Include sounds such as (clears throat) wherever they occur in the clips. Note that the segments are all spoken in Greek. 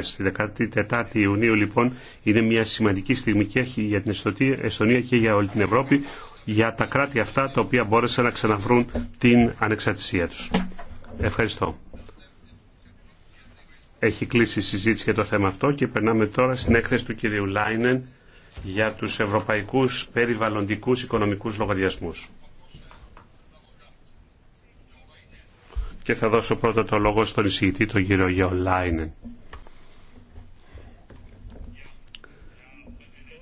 Στη 14η Ιουνίου λοιπόν είναι μια σημαντική στιγμή και για την Εστονία και για όλη την Ευρώπη για τα κράτη αυτά τα οποία μπόρεσαν να ξαναβρούν την ανεξαρτησία τους. Ευχαριστώ. Έχει κλείσει η συζήτηση για το θέμα αυτό και περνάμε τώρα στην έκθεση του κυρίου Λάινεν για τους ευρωπαϊκούς περιβαλλοντικούς οικονομικούς λογαριασμούς. Και θα δώσω πρώτα το λόγο στον εισηγητή, τον κύριο Γεωλάινεν. Λάινεν.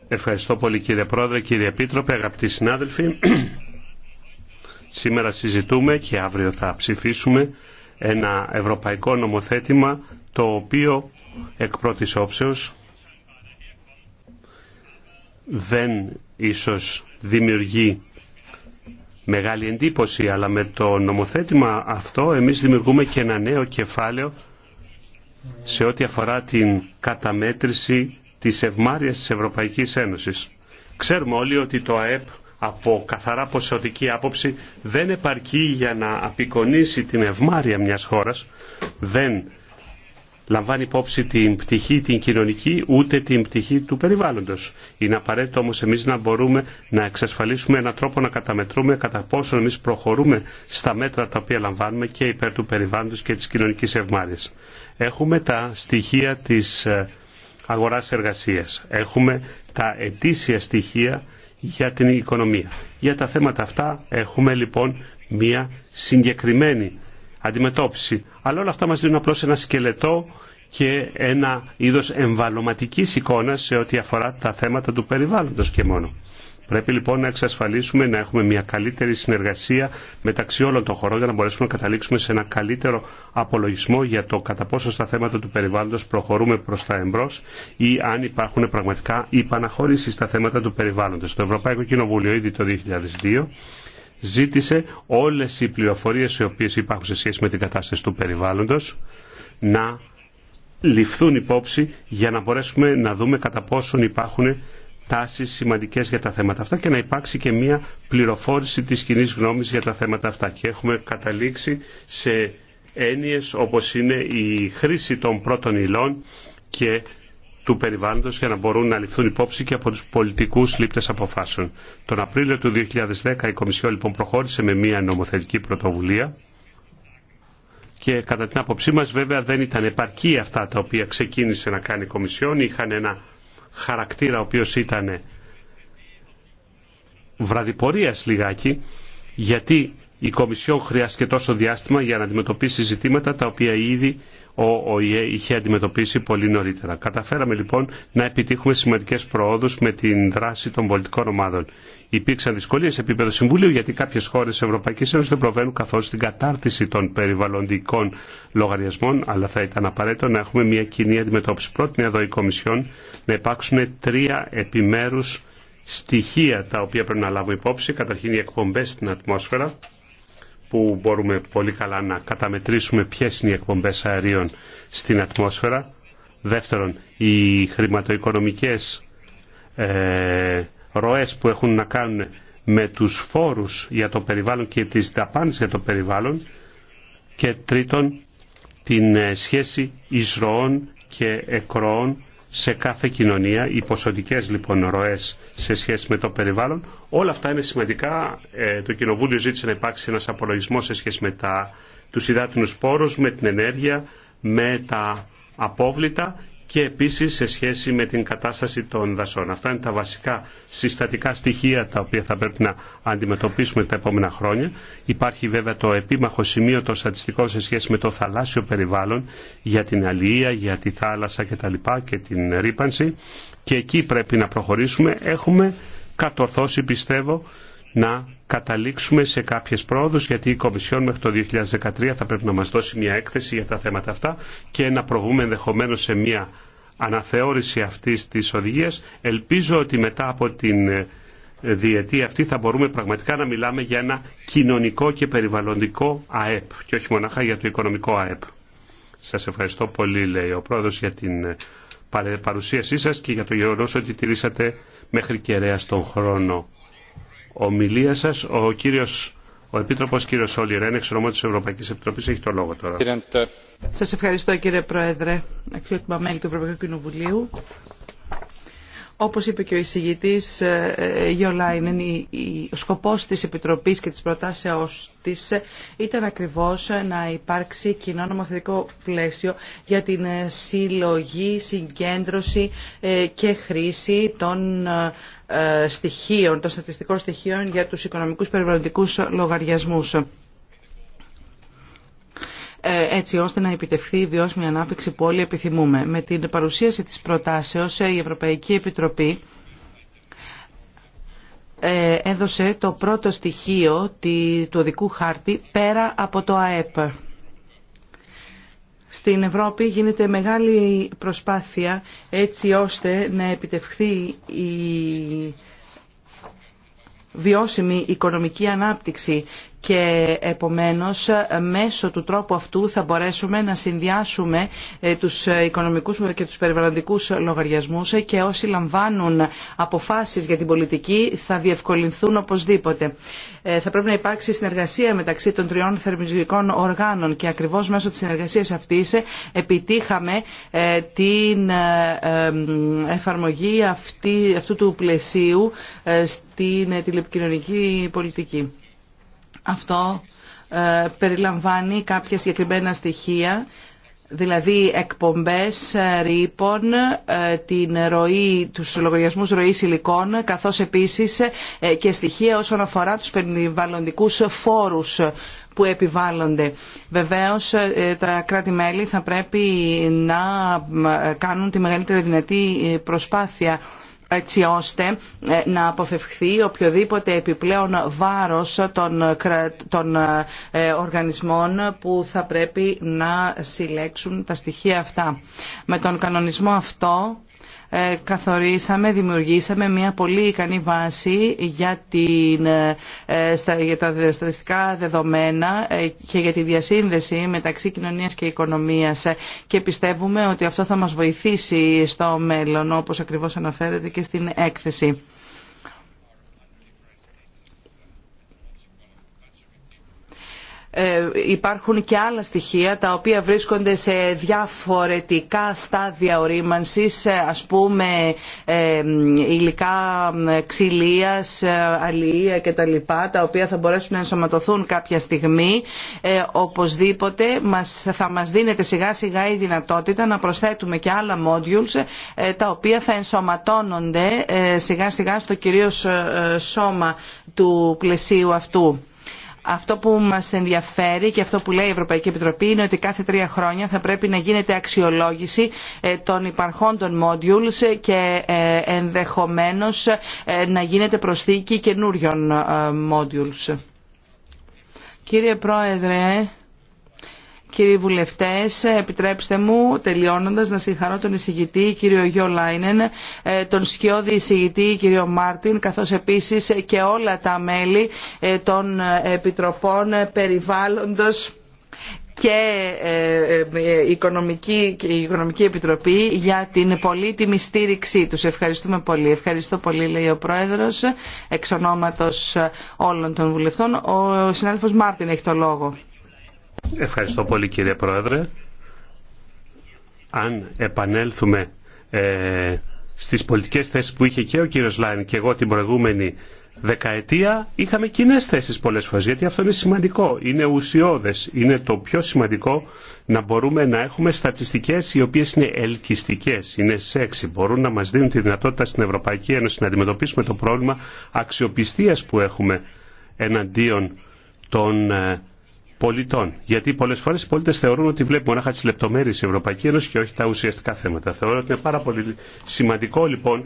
Ευχαριστώ πολύ κύριε Πρόεδρε, κύριε Επίτροπε, αγαπητοί συνάδελφοι. Σήμερα συζητούμε και αύριο θα ψηφίσουμε ένα ευρωπαϊκό νομοθέτημα το οποίο εκ πρώτης όψεως δεν ίσως δημιουργεί μεγάλη εντύπωση, αλλά με το νομοθέτημα αυτό εμείς δημιουργούμε και ένα νέο κεφάλαιο σε ό,τι αφορά την καταμέτρηση Τη ευμάρειας της Ευρωπαϊκής Ένωσης. Ξέρουμε όλοι ότι το ΑΕΠ από καθαρά ποσοτική άποψη δεν επαρκεί για να απεικονίσει την ευμάρεια μιας χώρας, δεν λαμβάνει υπόψη την πτυχή την κοινωνική ούτε την πτυχή του περιβάλλοντος. Είναι απαραίτητο όμως εμείς να μπορούμε να εξασφαλίσουμε έναν τρόπο να καταμετρούμε κατά πόσο εμείς προχωρούμε στα μέτρα τα οποία λαμβάνουμε και υπέρ του περιβάλλοντος και της κοινωνικής ευμάρειας. Έχουμε τα στοιχεία της ε, αγοράς εργασίας. Έχουμε τα ετήσια στοιχεία για την οικονομία. Για τα θέματα αυτά έχουμε λοιπόν μία συγκεκριμένη αντιμετώπιση. Αλλά όλα αυτά μας δίνουν απλώς ένα σκελετό και ένα είδος εμβαλωματικής εικόνας σε ό,τι αφορά τα θέματα του περιβάλλοντος και μόνο. Πρέπει λοιπόν να εξασφαλίσουμε να έχουμε μια καλύτερη συνεργασία μεταξύ όλων των χωρών για να μπορέσουμε να καταλήξουμε σε ένα καλύτερο απολογισμό για το κατά πόσο στα θέματα του περιβάλλοντος προχωρούμε προς τα εμπρός ή αν υπάρχουν πραγματικά υπαναχώρηση στα θέματα του περιβάλλοντος. Το Ευρωπαϊκό Κοινοβούλιο ήδη το 2002 ζήτησε όλες οι πληροφορίες οι οποίες υπάρχουν σε σχέση με την κατάσταση του περιβάλλοντος να ληφθούν υπόψη για να μπορέσουμε να δούμε κατά πόσον υπάρχουν τάσεις σημαντικές για τα θέματα αυτά και να υπάρξει και μια πληροφόρηση της κοινή γνώμης για τα θέματα αυτά. Και έχουμε καταλήξει σε έννοιες όπως είναι η χρήση των πρώτων υλών και του περιβάλλοντος για να μπορούν να ληφθούν υπόψη και από τους πολιτικούς λήπτες αποφάσεων. Τον Απρίλιο του 2010 η Κομισιόν λοιπόν προχώρησε με μια νομοθετική πρωτοβουλία και κατά την άποψή μας βέβαια δεν ήταν επαρκή αυτά τα οποία ξεκίνησε να κάνει η Κομισιόν. Είχαν ένα χαρακτήρα ο οποίος ήταν βραδιπορίας λιγάκι γιατί η Κομισιόν χρειάστηκε τόσο διάστημα για να αντιμετωπίσει ζητήματα τα οποία ήδη ο ΟΗΕ είχε αντιμετωπίσει πολύ νωρίτερα. Καταφέραμε λοιπόν να επιτύχουμε σημαντικέ προόδου με την δράση των πολιτικών ομάδων. Υπήρξαν δυσκολίε σε επίπεδο Συμβουλίου γιατί κάποιε χώρε τη Ευρωπαϊκής Ένωσης δεν προβαίνουν καθώς στην κατάρτιση των περιβαλλοντικών λογαριασμών, αλλά θα ήταν απαραίτητο να έχουμε μια κοινή αντιμετώπιση. Πρότεινε εδώ η Κομισιόν να υπάρξουν τρία επιμέρου στοιχεία τα οποία πρέπει να λάβουμε υπόψη. Καταρχήν οι εκπομπέ στην ατμόσφαιρα, που μπορούμε πολύ καλά να καταμετρήσουμε ποιες είναι οι εκπομπές αερίων στην ατμόσφαιρα. Δεύτερον, οι χρηματοοικονομικές ε, ροές που έχουν να κάνουν με τους φόρους για το περιβάλλον και τις δαπάνες για το περιβάλλον. Και τρίτον, την ε, σχέση εισρωών και εκροών σε κάθε κοινωνία, οι ποσοτικές λοιπόν ροές σε σχέση με το περιβάλλον. Όλα αυτά είναι σημαντικά. Ε, το Κοινοβούλιο ζήτησε να υπάρξει ένας απολογισμός σε σχέση με τα, τους υδάτινους πόρους, με την ενέργεια, με τα απόβλητα και επίσης σε σχέση με την κατάσταση των δασών. Αυτά είναι τα βασικά συστατικά στοιχεία τα οποία θα πρέπει να αντιμετωπίσουμε τα επόμενα χρόνια. Υπάρχει βέβαια το επίμαχο σημείο το στατιστικό σε σχέση με το θαλάσσιο περιβάλλον για την αλληλεία, για τη θάλασσα κτλ. και την ρήπανση και εκεί πρέπει να προχωρήσουμε. Έχουμε κατορθώσει πιστεύω να καταλήξουμε σε κάποιες πρόοδους γιατί η Κομισιόν μέχρι το 2013 θα πρέπει να μας δώσει μια έκθεση για τα θέματα αυτά και να προβούμε ενδεχομένως σε μια αναθεώρηση αυτής της οδηγίας. Ελπίζω ότι μετά από την ε, διετία αυτή θα μπορούμε πραγματικά να μιλάμε για ένα κοινωνικό και περιβαλλοντικό ΑΕΠ και όχι μονάχα για το οικονομικό ΑΕΠ. Σας ευχαριστώ πολύ, λέει ο πρόεδρος, για την ε, παρουσίασή σας και για το γεγονός ότι τηρήσατε μέχρι κεραία στον χρόνο ομιλία σας. Ο κύριος ο Επίτροπος κ. Σόλυρεν, της Ευρωπαϊκής Επιτροπής, έχει το λόγο τώρα. Σας ευχαριστώ κύριε Πρόεδρε, αξιότιμα μέλη του Ευρωπαϊκού Κοινοβουλίου. Όπως είπε και ο εισηγητής ε, ε, Γιολάινεν, ο σκοπός της Επιτροπής και της προτάσεώς της ε, ήταν ακριβώς να υπάρξει κοινό νομοθετικό πλαίσιο για την συλλογή, συγκέντρωση και χρήση των ε, στοιχείων, των στατιστικών στοιχείων για τους οικονομικούς περιβαλλοντικούς λογαριασμούς ε, έτσι ώστε να επιτευχθεί η βιώσιμη ανάπτυξη που όλοι επιθυμούμε. Με την παρουσίαση της προτάσεως ε, η Ευρωπαϊκή Επιτροπή έδωσε το πρώτο στοιχείο του οδικού χάρτη πέρα από το ΑΕΠ στην Ευρώπη γίνεται μεγάλη προσπάθεια έτσι ώστε να επιτευχθεί η βιώσιμη οικονομική ανάπτυξη και επομένως μέσω του τρόπου αυτού θα μπορέσουμε να συνδυάσουμε ε, τους οικονομικούς και τους περιβαλλοντικούς λογαριασμούς και όσοι λαμβάνουν αποφάσεις για την πολιτική θα διευκολυνθούν οπωσδήποτε. Ε, θα πρέπει να υπάρξει συνεργασία μεταξύ των τριών θερμιστικών οργάνων και ακριβώς μέσω της συνεργασίας αυτής ε, επιτύχαμε την εφαρμογή αυτού του πλαισίου στην τηλεπικοινωνική πολιτική αυτό ε, περιλαμβάνει κάποια συγκεκριμένα στοιχεία δηλαδή εκπομπές ε, ρήπων, ε, την ροή, τους λογαριασμούς ροής υλικών, καθώς επίσης και στοιχεία όσον αφορά τους περιβαλλοντικούς φόρους που επιβάλλονται. Βεβαίως τα κράτη-μέλη θα πρέπει να κάνουν τη μεγαλύτερη δυνατή προσπάθεια έτσι ώστε ε, να αποφευχθεί οποιοδήποτε επιπλέον βάρος των, ε, οργανισμών που θα πρέπει να συλλέξουν τα στοιχεία αυτά. Με τον κανονισμό αυτό ε, καθορίσαμε, δημιουργήσαμε μια πολύ ικανή βάση για, την, ε, ε, για τα στατιστικά δεδομένα και για τη διασύνδεση μεταξύ κοινωνίας και οικονομίας και πιστεύουμε ότι αυτό θα μας βοηθήσει στο μέλλον όπως ακριβώς αναφέρεται και στην έκθεση. Ε, υπάρχουν και άλλα στοιχεία τα οποία βρίσκονται σε διαφορετικά στάδια ορίμανσης ε, ας πούμε ε, υλικά ξυλίας, αλληλεία κτλ. τα οποία θα μπορέσουν να ενσωματωθούν κάποια στιγμή. Οπωσδήποτε θα μας δίνεται σιγά σιγά η δυνατότητα να προσθέτουμε και άλλα modules τα οποία θα ενσωματώνονται σιγά σιγά στο κυρίως σώμα του πλαισίου αυτού αυτό που μας ενδιαφέρει και αυτό που λέει η Ευρωπαϊκή Επιτροπή είναι ότι κάθε τρία χρόνια θα πρέπει να γίνεται αξιολόγηση ε, των υπαρχόντων modules και ε, ενδεχομένως ε, να γίνεται προσθήκη καινούριων modules. Κύριε Πρόεδρε, Κύριοι βουλευτές, επιτρέψτε μου τελειώνοντας να συγχαρώ τον εισηγητή κύριο Γιώ Λάινεν, ε, τον σκιώδη εισηγητή κύριο Μάρτιν, καθώς επίσης και όλα τα μέλη ε, των ε, Επιτροπών Περιβάλλοντος και Οικονομική, και η Οικονομική Επιτροπή για την πολύτιμη στήριξή τους. Ευχαριστούμε πολύ. Ευχαριστώ πολύ, λέει ο Πρόεδρος, εξ ονόματος όλων των βουλευτών. Ο συνάδελφος Μάρτιν έχει το λόγο. Ευχαριστώ πολύ κύριε Πρόεδρε. Αν επανέλθουμε ε, στις πολιτικές θέσεις που είχε και ο κύριος Λάιν και εγώ την προηγούμενη δεκαετία είχαμε κοινέ θέσεις πολλές φορέ. Γιατί αυτό είναι σημαντικό. Είναι ουσιώδες, Είναι το πιο σημαντικό να μπορούμε να έχουμε στατιστικές οι οποίες είναι ελκυστικές, είναι σεξι. Μπορούν να μα δίνουν τη δυνατότητα στην Ευρωπαϊκή Ένωση να αντιμετωπίσουμε το πρόβλημα αξιοπιστίας που έχουμε εναντίον των ε, πολιτών. Γιατί πολλέ φορέ οι πολίτε θεωρούν ότι βλέπουν μονάχα τι λεπτομέρειε τη Ευρωπαϊκή Ένωση και όχι τα ουσιαστικά θέματα. Θεωρώ ότι είναι πάρα πολύ σημαντικό λοιπόν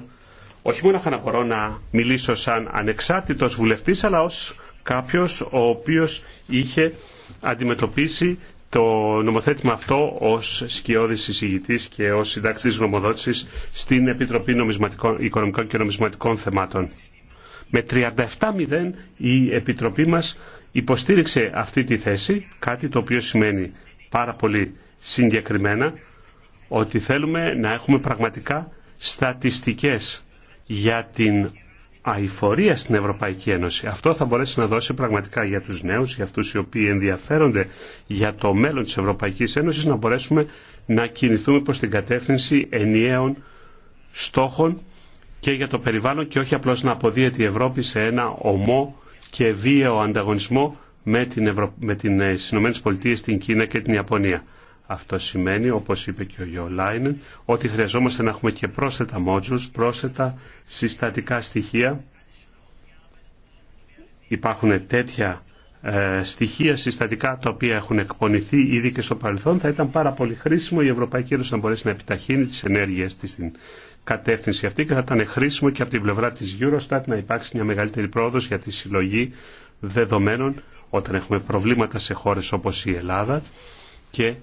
όχι μόνο να μπορώ να μιλήσω σαν ανεξάρτητος βουλευτή, αλλά ω κάποιο ο οποίο είχε αντιμετωπίσει το νομοθέτημα αυτό ως σκιώδης εισηγητής και ως συντάξης γνωμοδότησης στην Επιτροπή Νομισματικών, Οικονομικών και Νομισματικών Θεμάτων. Με 37-0 η Επιτροπή μας υποστήριξε αυτή τη θέση, κάτι το οποίο σημαίνει πάρα πολύ συγκεκριμένα ότι θέλουμε να έχουμε πραγματικά στατιστικές για την αηφορία στην Ευρωπαϊκή Ένωση. Αυτό θα μπορέσει να δώσει πραγματικά για τους νέους, για αυτούς οι οποίοι ενδιαφέρονται για το μέλλον της Ευρωπαϊκής Ένωσης, να μπορέσουμε να κινηθούμε προς την κατεύθυνση ενιαίων στόχων και για το περιβάλλον και όχι απλώς να αποδίεται η Ευρώπη σε ένα ομό και βίαιο ανταγωνισμό με, την Ευρω... με ε, τις Πολιτείες, την Κίνα και την Ιαπωνία. Αυτό σημαίνει, όπως είπε και ο Γιώ ότι χρειαζόμαστε να έχουμε και πρόσθετα μότζους, πρόσθετα συστατικά στοιχεία. Υπάρχουν τέτοια ε, στοιχεία συστατικά τα οποία έχουν εκπονηθεί ήδη και στο παρελθόν. Θα ήταν πάρα πολύ χρήσιμο η Ευρωπαϊκή Ένωση να μπορέσει να επιταχύνει τις ενέργειες της κατεύθυνση αυτή και θα ήταν χρήσιμο και από την πλευρά της Eurostat να υπάρξει μια μεγαλύτερη πρόοδος για τη συλλογή δεδομένων όταν έχουμε προβλήματα σε χώρες όπως η Ελλάδα και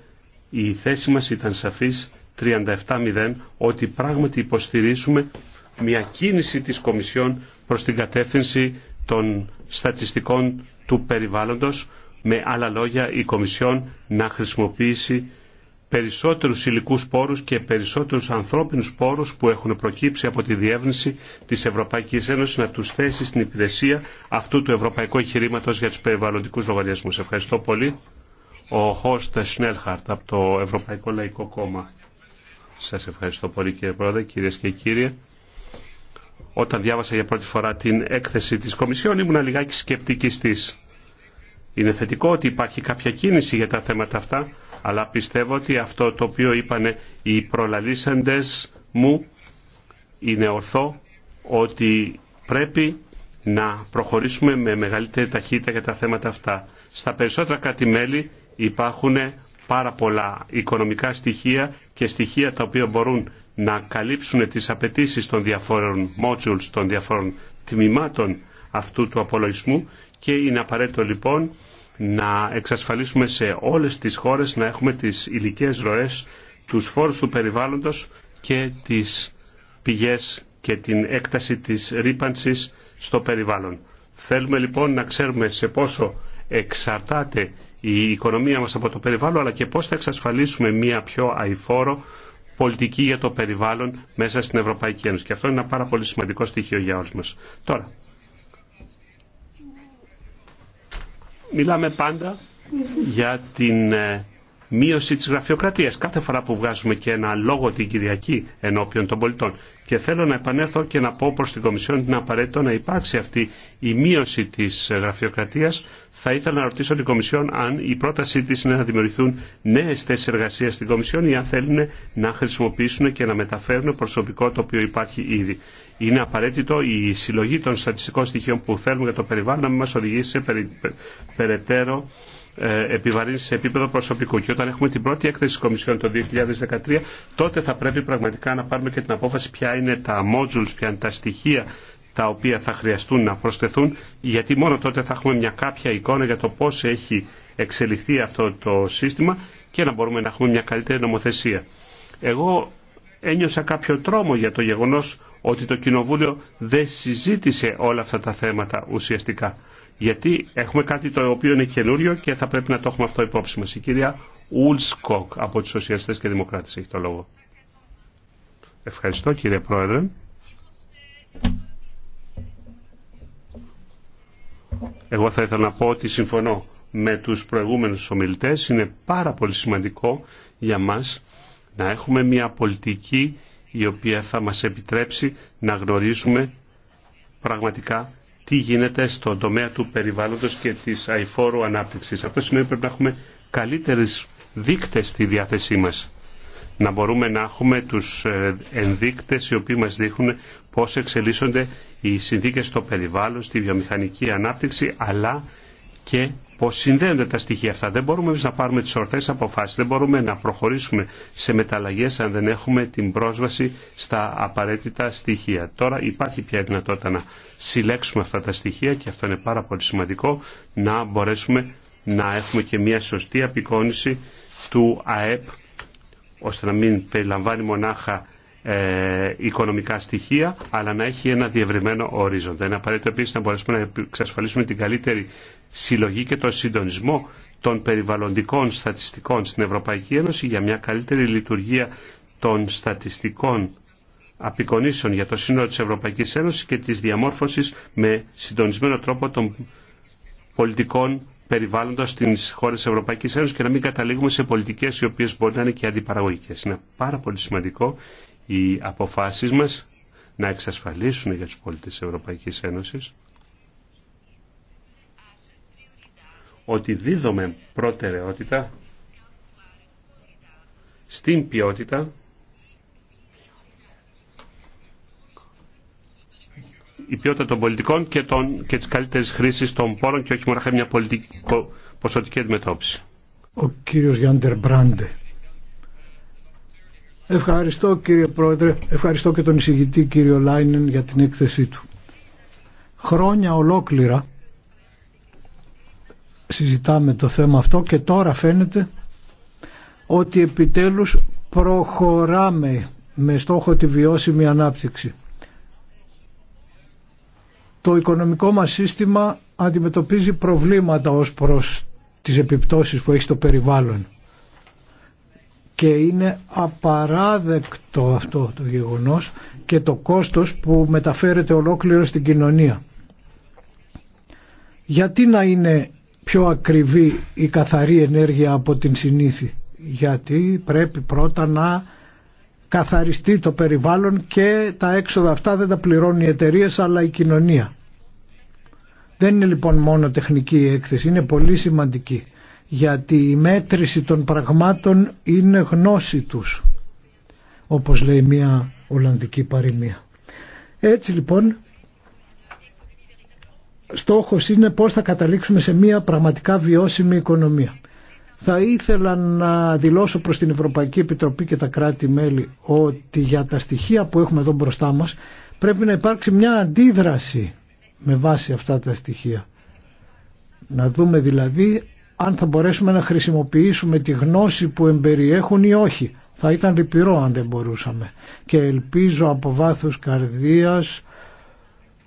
η θέση μας ήταν σαφής 37-0 ότι πράγματι υποστηρίζουμε μια κίνηση της Κομισιόν προς την κατεύθυνση των στατιστικών του περιβάλλοντος με άλλα λόγια η Κομισιόν να χρησιμοποιήσει περισσότερους υλικούς πόρους και περισσότερους ανθρώπινους πόρους που έχουν προκύψει από τη διεύνηση της Ευρωπαϊκής Ένωσης να τους θέσει στην υπηρεσία αυτού του ευρωπαϊκού εγχειρήματο για τους περιβαλλοντικούς λογαριασμού. Ευχαριστώ πολύ. Ο Χώστα Σνέλχαρτ από το Ευρωπαϊκό Λαϊκό Κόμμα. Σας ευχαριστώ πολύ κύριε Πρόεδρε, κυρίες και κύριοι. Όταν διάβασα για πρώτη φορά την έκθεση της Κομισιόν ήμουν λιγάκι σκεπτική Είναι θετικό ότι υπάρχει κάποια κίνηση για τα θέματα αυτά, αλλά πιστεύω ότι αυτό το οποίο είπανε οι προλαλήσαντες μου είναι ορθό ότι πρέπει να προχωρήσουμε με μεγαλύτερη ταχύτητα για τα θέματα αυτά. Στα περισσοτερα κάτι κράτη-μέλη υπάρχουν πάρα πολλά οικονομικά στοιχεία και στοιχεία τα οποία μπορούν να καλύψουν τις απαιτήσεις των διαφόρων modules, των διαφόρων τμήματων αυτού του απολογισμού και είναι απαραίτητο λοιπόν να εξασφαλίσουμε σε όλες τις χώρες να έχουμε τις υλικέ ροές, τους φόρους του περιβάλλοντος και τις πηγές και την έκταση της ρήπανση στο περιβάλλον. Θέλουμε λοιπόν να ξέρουμε σε πόσο εξαρτάται η οικονομία μας από το περιβάλλον αλλά και πώς θα εξασφαλίσουμε μια πιο αηφόρο πολιτική για το περιβάλλον μέσα στην Ευρωπαϊκή Ένωση. Και αυτό είναι ένα πάρα πολύ σημαντικό στοιχείο για όλους μας. Τώρα, Μιλάμε πάντα για την ε, μείωση της γραφειοκρατίας κάθε φορά που βγάζουμε και ένα λόγο την Κυριακή ενώπιον των πολιτών. Και θέλω να επανέλθω και να πω προς την Κομισιόν είναι απαραίτητο να υπάρξει αυτή η μείωση της γραφειοκρατίας. Θα ήθελα να ρωτήσω την Κομισιόν αν η πρότασή της είναι να δημιουργηθούν νέες θέσεις εργασίας στην Κομισιόν ή αν θέλουν να χρησιμοποιήσουν και να μεταφέρουν προσωπικό το οποίο υπάρχει ήδη. Είναι απαραίτητο η συλλογή των στατιστικών στοιχείων που θέλουμε για το περιβάλλον να μην μας οδηγήσει σε περαιτέρω ε, επιβαρύνσει σε επίπεδο προσωπικού. Και όταν έχουμε την πρώτη έκθεση τη Κομισιόν το 2013, τότε θα πρέπει πραγματικά να πάρουμε και την απόφαση ποια είναι τα modules, ποια είναι τα στοιχεία τα οποία θα χρειαστούν να προσθεθούν, γιατί μόνο τότε θα έχουμε μια κάποια εικόνα για το πώς έχει εξελιχθεί αυτό το σύστημα και να μπορούμε να έχουμε μια καλύτερη νομοθεσία. Εγώ ένιωσα κάποιο τρόμο για το γεγονός ότι το Κοινοβούλιο δεν συζήτησε όλα αυτά τα θέματα ουσιαστικά γιατί έχουμε κάτι το οποίο είναι καινούριο και θα πρέπει να το έχουμε αυτό υπόψη μας. Η κυρία Ουλσκοκ από τους Σοσιαλιστές και Δημοκράτες έχει το λόγο. Ευχαριστώ κύριε Πρόεδρε. Εγώ θα ήθελα να πω ότι συμφωνώ με τους προηγούμενους ομιλητές. Είναι πάρα πολύ σημαντικό για μας να έχουμε μια πολιτική η οποία θα μας επιτρέψει να γνωρίσουμε πραγματικά τι γίνεται στον τομέα του περιβάλλοντος και της αηφόρου ανάπτυξης. Αυτό σημαίνει πρέπει να έχουμε καλύτερες δείκτες στη διάθεσή μας. Να μπορούμε να έχουμε τους ε, ενδείκτες οι οποίοι μας δείχνουν πώς εξελίσσονται οι συνθήκες στο περιβάλλον, στη βιομηχανική ανάπτυξη, αλλά και πώς συνδέονται τα στοιχεία αυτά. Δεν μπορούμε εμείς να πάρουμε τις ορθές αποφάσεις, δεν μπορούμε να προχωρήσουμε σε μεταλλαγές αν δεν έχουμε την πρόσβαση στα απαραίτητα στοιχεία. Τώρα υπάρχει πια δυνατότητα να συλλέξουμε αυτά τα στοιχεία και αυτό είναι πάρα πολύ σημαντικό να μπορέσουμε να έχουμε και μια σωστή απεικόνηση του ΑΕΠ ώστε να μην περιλαμβάνει μονάχα ε, οικονομικά στοιχεία, αλλά να έχει ένα διευρυμένο ορίζοντα. Είναι απαραίτητο επίση να μπορέσουμε να εξασφαλίσουμε την καλύτερη συλλογή και τον συντονισμό των περιβαλλοντικών στατιστικών στην Ευρωπαϊκή Ένωση για μια καλύτερη λειτουργία των στατιστικών απεικονίσεων για το σύνολο της Ευρωπαϊκής Ένωσης και της διαμόρφωσης με συντονισμένο τρόπο των πολιτικών περιβάλλοντα στις χώρες της Ευρωπαϊκής Ένωσης και να μην καταλήγουμε σε πολιτικές οι οποίες μπορεί να είναι και αντιπαραγωγικές. Είναι πάρα πολύ σημαντικό οι αποφάσεις μας να εξασφαλίσουν για τους πολίτες της Ευρωπαϊκής Ένωσης ότι δίδομαι προτεραιότητα στην ποιότητα η ποιότητα των πολιτικών και, των, και τις καλύτερες χρήσεις των πόρων και όχι μόνο μια πολιτική ποσοτική αντιμετώπιση. Ο κύριος Γιάντερ Μπράντε. Ευχαριστώ κύριε Πρόεδρε, ευχαριστώ και τον εισηγητή κύριο Λάινεν για την έκθεσή του. Χρόνια ολόκληρα συζητάμε το θέμα αυτό και τώρα φαίνεται ότι επιτέλους προχωράμε με στόχο τη βιώσιμη ανάπτυξη. Το οικονομικό μας σύστημα αντιμετωπίζει προβλήματα ως προς τις επιπτώσεις που έχει στο περιβάλλον και είναι απαράδεκτο αυτό το γεγονός και το κόστος που μεταφέρεται ολόκληρο στην κοινωνία. Γιατί να είναι πιο ακριβή η καθαρή ενέργεια από την συνήθη. Γιατί πρέπει πρώτα να καθαριστεί το περιβάλλον και τα έξοδα αυτά δεν τα πληρώνουν οι εταιρείε αλλά η κοινωνία. Δεν είναι λοιπόν μόνο τεχνική η έκθεση, είναι πολύ σημαντική γιατί η μέτρηση των πραγμάτων είναι γνώση τους όπως λέει μια Ολλανδική παροιμία. Έτσι λοιπόν στόχος είναι πώς θα καταλήξουμε σε μια πραγματικά βιώσιμη οικονομία. Θα ήθελα να δηλώσω προς την Ευρωπαϊκή Επιτροπή και τα κράτη-μέλη ότι για τα στοιχεία που έχουμε εδώ μπροστά μας πρέπει να υπάρξει μια αντίδραση με βάση αυτά τα στοιχεία. Να δούμε δηλαδή αν θα μπορέσουμε να χρησιμοποιήσουμε τη γνώση που εμπεριέχουν ή όχι. Θα ήταν λυπηρό αν δεν μπορούσαμε. Και ελπίζω από βάθος καρδίας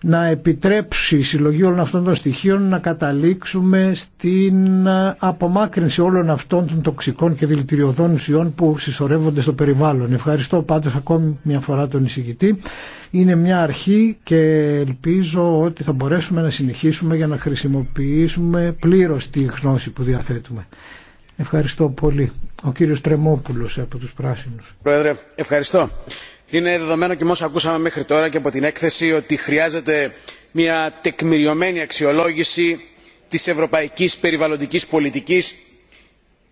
να επιτρέψει η συλλογή όλων αυτών των στοιχείων να καταλήξουμε στην απομάκρυνση όλων αυτών των τοξικών και δηλητηριωδών ουσιών που συσσωρεύονται στο περιβάλλον. Ευχαριστώ πάντως ακόμη μια φορά τον εισηγητή. Είναι μια αρχή και ελπίζω ότι θα μπορέσουμε να συνεχίσουμε για να χρησιμοποιήσουμε πλήρως τη γνώση που διαθέτουμε. Ευχαριστώ πολύ. Ο κύριος Τρεμόπουλος από τους Πράσινους. Πρόεδρε, ευχαριστώ είναι δεδομένο και με όσα ακούσαμε μέχρι τώρα και από την έκθεση ότι χρειάζεται μια τεκμηριωμένη αξιολόγηση της ευρωπαϊκής περιβαλλοντικής πολιτικής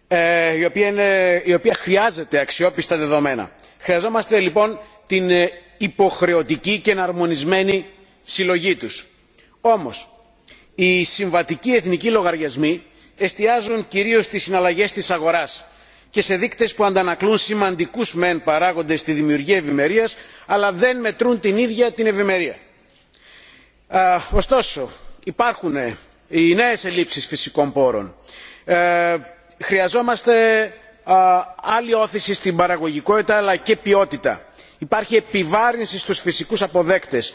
ε, η οποία, η οποία χρειάζεται αξιόπιστα δεδομένα. Χρειαζόμαστε λοιπόν την ε, υποχρεωτική και εναρμονισμένη συλλογή τους. Όμως, οι συμβατικοί εθνικοί λογαριασμοί εστιάζουν κυρίως στις συναλλαγές της αγοράς και σε δείκτες που αντανακλούν σημαντικούς μεν παράγοντες στη δημιουργία ευημερίας αλλά δεν μετρούν την ίδια την ευημερία. ωστόσο υπάρχουν ε, οι νέες ελλείψεις φυσικών πόρων. Ε, χρειαζόμαστε άλλη όθηση στην παραγωγικότητα αλλά και ποιότητα. υπάρχει επιβάρυνση στους φυσικούς αποδέκτες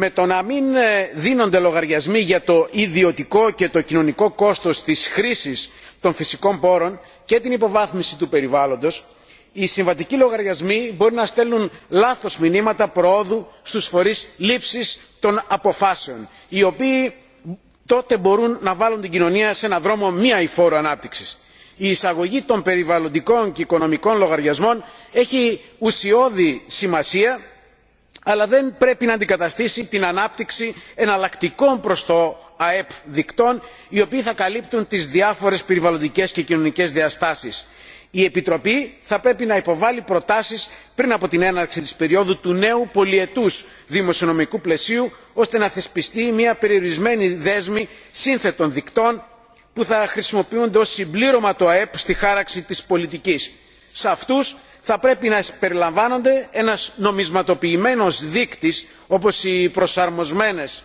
με το να μην ε, δίνονται λογαριασμοί για το ιδιωτικό και το κοινωνικό κόστος της χρήσης των φυσικών πόρων και την υποβάθμιση του περιβάλλοντος οι συμβατικοί λογαριασμοί μπορεί να στέλνουν λάθος μηνύματα προόδου στους φορείς λήψης των αποφάσεων οι οποίοι τότε μπορούν να βάλουν την κοινωνία σε έναν δρόμο μία αηφόρου ανάπτυξης. η εισαγωγή των περιβαλλοντικών και οικονομικών λογαριασμών έχει ουσιώδη σημασία αλλά δεν πρέπει να αντικαταστήσει την ανάπτυξη εναλλακτικών προς το αεπ δικτών οι οποίοι θα καλύπτουν τις διάφορες περιβαλλοντικές και κοινωνικές διαστάσεις. η επιτροπή θα πρέπει να υποβάλει προτάσεις πριν από την έναρξη της περίοδου του νέου πολυετούς δημοσιονομικού πλαισίου ώστε να θεσπιστεί μια περιορισμένη δέσμη σύνθετων δικτών που θα χρησιμοποιούνται ως συμπλήρωμα του αεπ στη χάραξη της πολιτικής. σε αυτούς θα πρέπει να περιλαμβάνονται ένας νομισματοποιημένος δείκτης όπως οι προσαρμοσμένες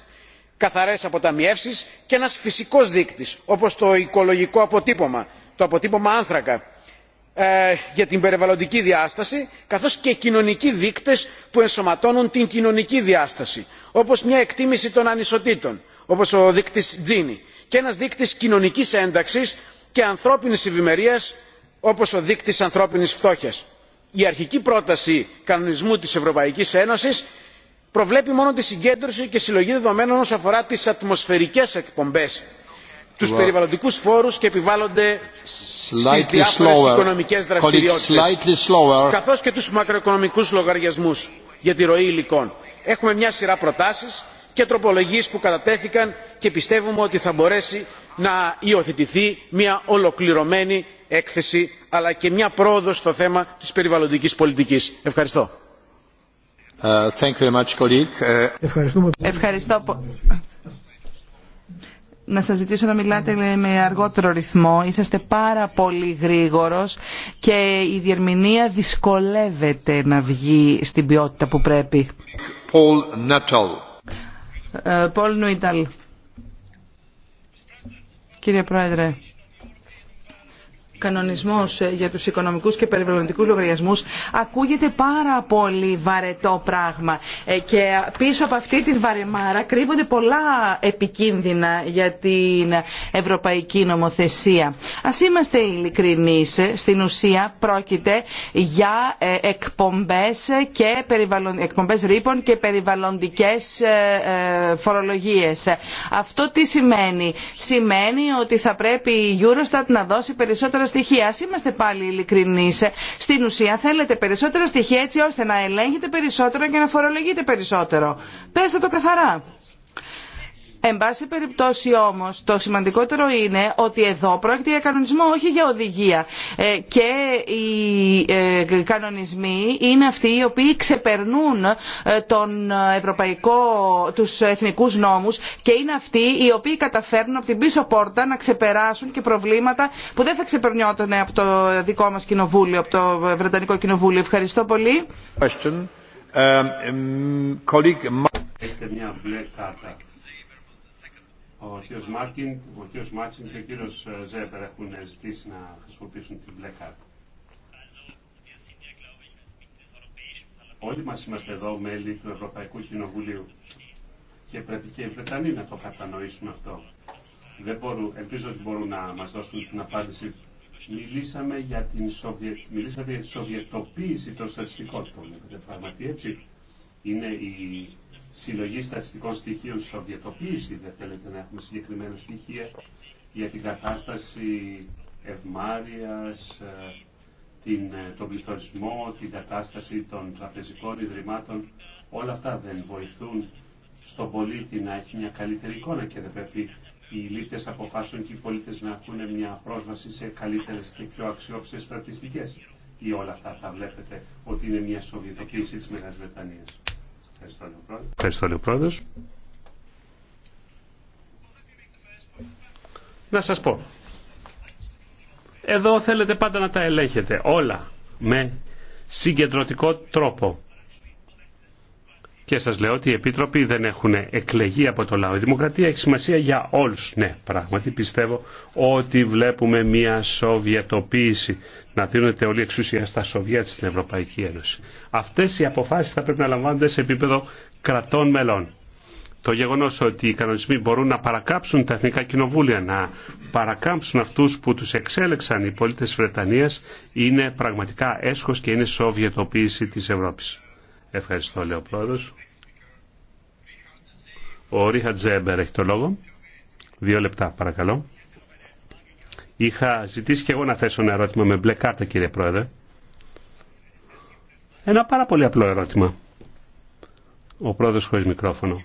καθαρές αποταμιεύσεις και ένας φυσικός δείκτης όπως το οικολογικό αποτύπωμα το αποτύπωμα άνθρακα ε, για την περιβαλλοντική διάσταση καθώς και κοινωνικοί δείκτες που ενσωματώνουν την κοινωνική διάσταση όπως μια εκτίμηση των ανισοτήτων όπως ο δείκτης τζίνι και ένας δείκτης κοινωνικής ένταξης και ανθρώπινης ευημερίας όπως ο δείκτης ανθρώπινης φτώχειας η αρχική πρόταση κανονισμού της Ευρωπαϊκής Ένωσης προβλέπει μόνο τη συγκέντρωση και συλλογή δεδομένων όσον αφορά τις ατμοσφαιρικές εκπομπές, τους περιβαλλοντικούς φόρους και επιβάλλονται στις διάφορες οικονομικές δραστηριότητες, καθώς και τους μακροοικονομικούς λογαριασμούς για τη ροή υλικών. Έχουμε μια σειρά προτάσεις και τροπολογίες που κατατέθηκαν και πιστεύουμε ότι θα μπορέσει να υιοθετηθεί μια ολοκληρωμένη έκθεση αλλά και μια πρόοδο στο θέμα της περιβαλλοντικής πολιτικής. Ευχαριστώ. Ε, thank you very much, colleague. Ε, Ευχαριστώ. Να σας ζητήσω να μιλάτε με αργότερο ρυθμό. Είσαστε πάρα πολύ γρήγορος και η διερμηνία δυσκολεύεται να βγει στην ποιότητα που πρέπει. Paul Νούιταλ ε, Κύριε Πρόεδρε. Ε, για τους οικονομικούς και περιβαλλοντικούς λογαριασμού ακούγεται πάρα πολύ βαρετό πράγμα ε, και πίσω από αυτή την βαρεμάρα κρύβονται πολλά επικίνδυνα για την ευρωπαϊκή νομοθεσία. Α είμαστε ειλικρινεί. Ε, στην ουσία πρόκειται για εκπομπές, και εκπομπές ρήπων και περιβαλλοντικές φορολογίες. Αυτό τι σημαίνει. Σημαίνει ότι θα πρέπει η Eurostat να δώσει περισσότερα στοιχεία. είμαστε πάλι ειλικρινεί. Ε, στην ουσία θέλετε περισσότερα στοιχεία έτσι ώστε να ελέγχετε περισσότερο και να φορολογείτε περισσότερο. Πέστε το καθαρά. Εν πάση περιπτώσει όμως το σημαντικότερο είναι ότι εδώ πρόκειται για κανονισμό όχι για οδηγία ε, και οι ε, κανονισμοί είναι αυτοί οι οποίοι ξεπερνούν ε, τον ευρωπαϊκό, τους εθνικούς νόμους και είναι αυτοί οι οποίοι καταφέρνουν από την πίσω πόρτα να ξεπεράσουν και προβλήματα που δεν θα ξεπερνιόταν από το δικό μας κοινοβούλιο, από το Βρετανικό Κοινοβούλιο. Ευχαριστώ πολύ. Ο κ. Μάρκιν, ο κ. και ο κ. Ε, Ζέπερ έχουν ζητήσει να χρησιμοποιήσουν την μπλε κάρτα. Όλοι μας είμαστε εδώ μέλη του Ευρωπαϊκού Κοινοβουλίου και πρέπει και οι Βρετανοί να το κατανοήσουν αυτό. Δεν μπορούν, ελπίζω ότι μπορούν να μας δώσουν την απάντηση. Μιλήσαμε για την Σοβιε... Μιλήσατε για τη σοβιετοποίηση των στατιστικών. έτσι. Είναι η συλλογή στατιστικών στοιχείων σοβιετοποίηση, δεν θέλετε να έχουμε συγκεκριμένα στοιχεία για την κατάσταση ευμάρειας, ε, την, ε, τον πληθωρισμό, την κατάσταση των τραπεζικών ιδρυμάτων. Όλα αυτά δεν βοηθούν στον πολίτη να έχει μια καλύτερη εικόνα και δεν πρέπει οι λήπτες αποφάσεων και οι πολίτες να έχουν μια πρόσβαση σε καλύτερες και πιο αξιόπιστες στατιστικές. Ή όλα αυτά θα βλέπετε ότι είναι μια σοβιετοποίηση της Μεγάλης Βρετανίας. Ευχαριστώ, Λεωπρόεδρο. Να σας πω. Εδώ θέλετε πάντα να τα ελέγχετε όλα με συγκεντρωτικό τρόπο. Και σας λέω ότι οι επίτροποι δεν έχουν εκλεγεί από το λαό. Η δημοκρατία έχει σημασία για όλους. Ναι, πράγματι πιστεύω ότι βλέπουμε μια σοβιετοποίηση να δίνεται όλη η εξουσία στα Σοβιέτ στην Ευρωπαϊκή Ένωση. Αυτές οι αποφάσεις θα πρέπει να λαμβάνονται σε επίπεδο κρατών μελών. Το γεγονός ότι οι κανονισμοί μπορούν να παρακάψουν τα εθνικά κοινοβούλια, να παρακάψουν αυτούς που τους εξέλεξαν οι πολίτες Βρετανίας, είναι πραγματικά έσχος και είναι σοβιετοποίηση της Ευρώπης. Ευχαριστώ, λέει ο πρόεδρο. Ο Ρίχα Τζέμπερ έχει το λόγο. Δύο λεπτά, παρακαλώ. Είχα ζητήσει και εγώ να θέσω ένα ερώτημα με μπλε κάρτα, κύριε Πρόεδρε. Ένα πάρα πολύ απλό ερώτημα. Ο πρόεδρο χωρί μικρόφωνο.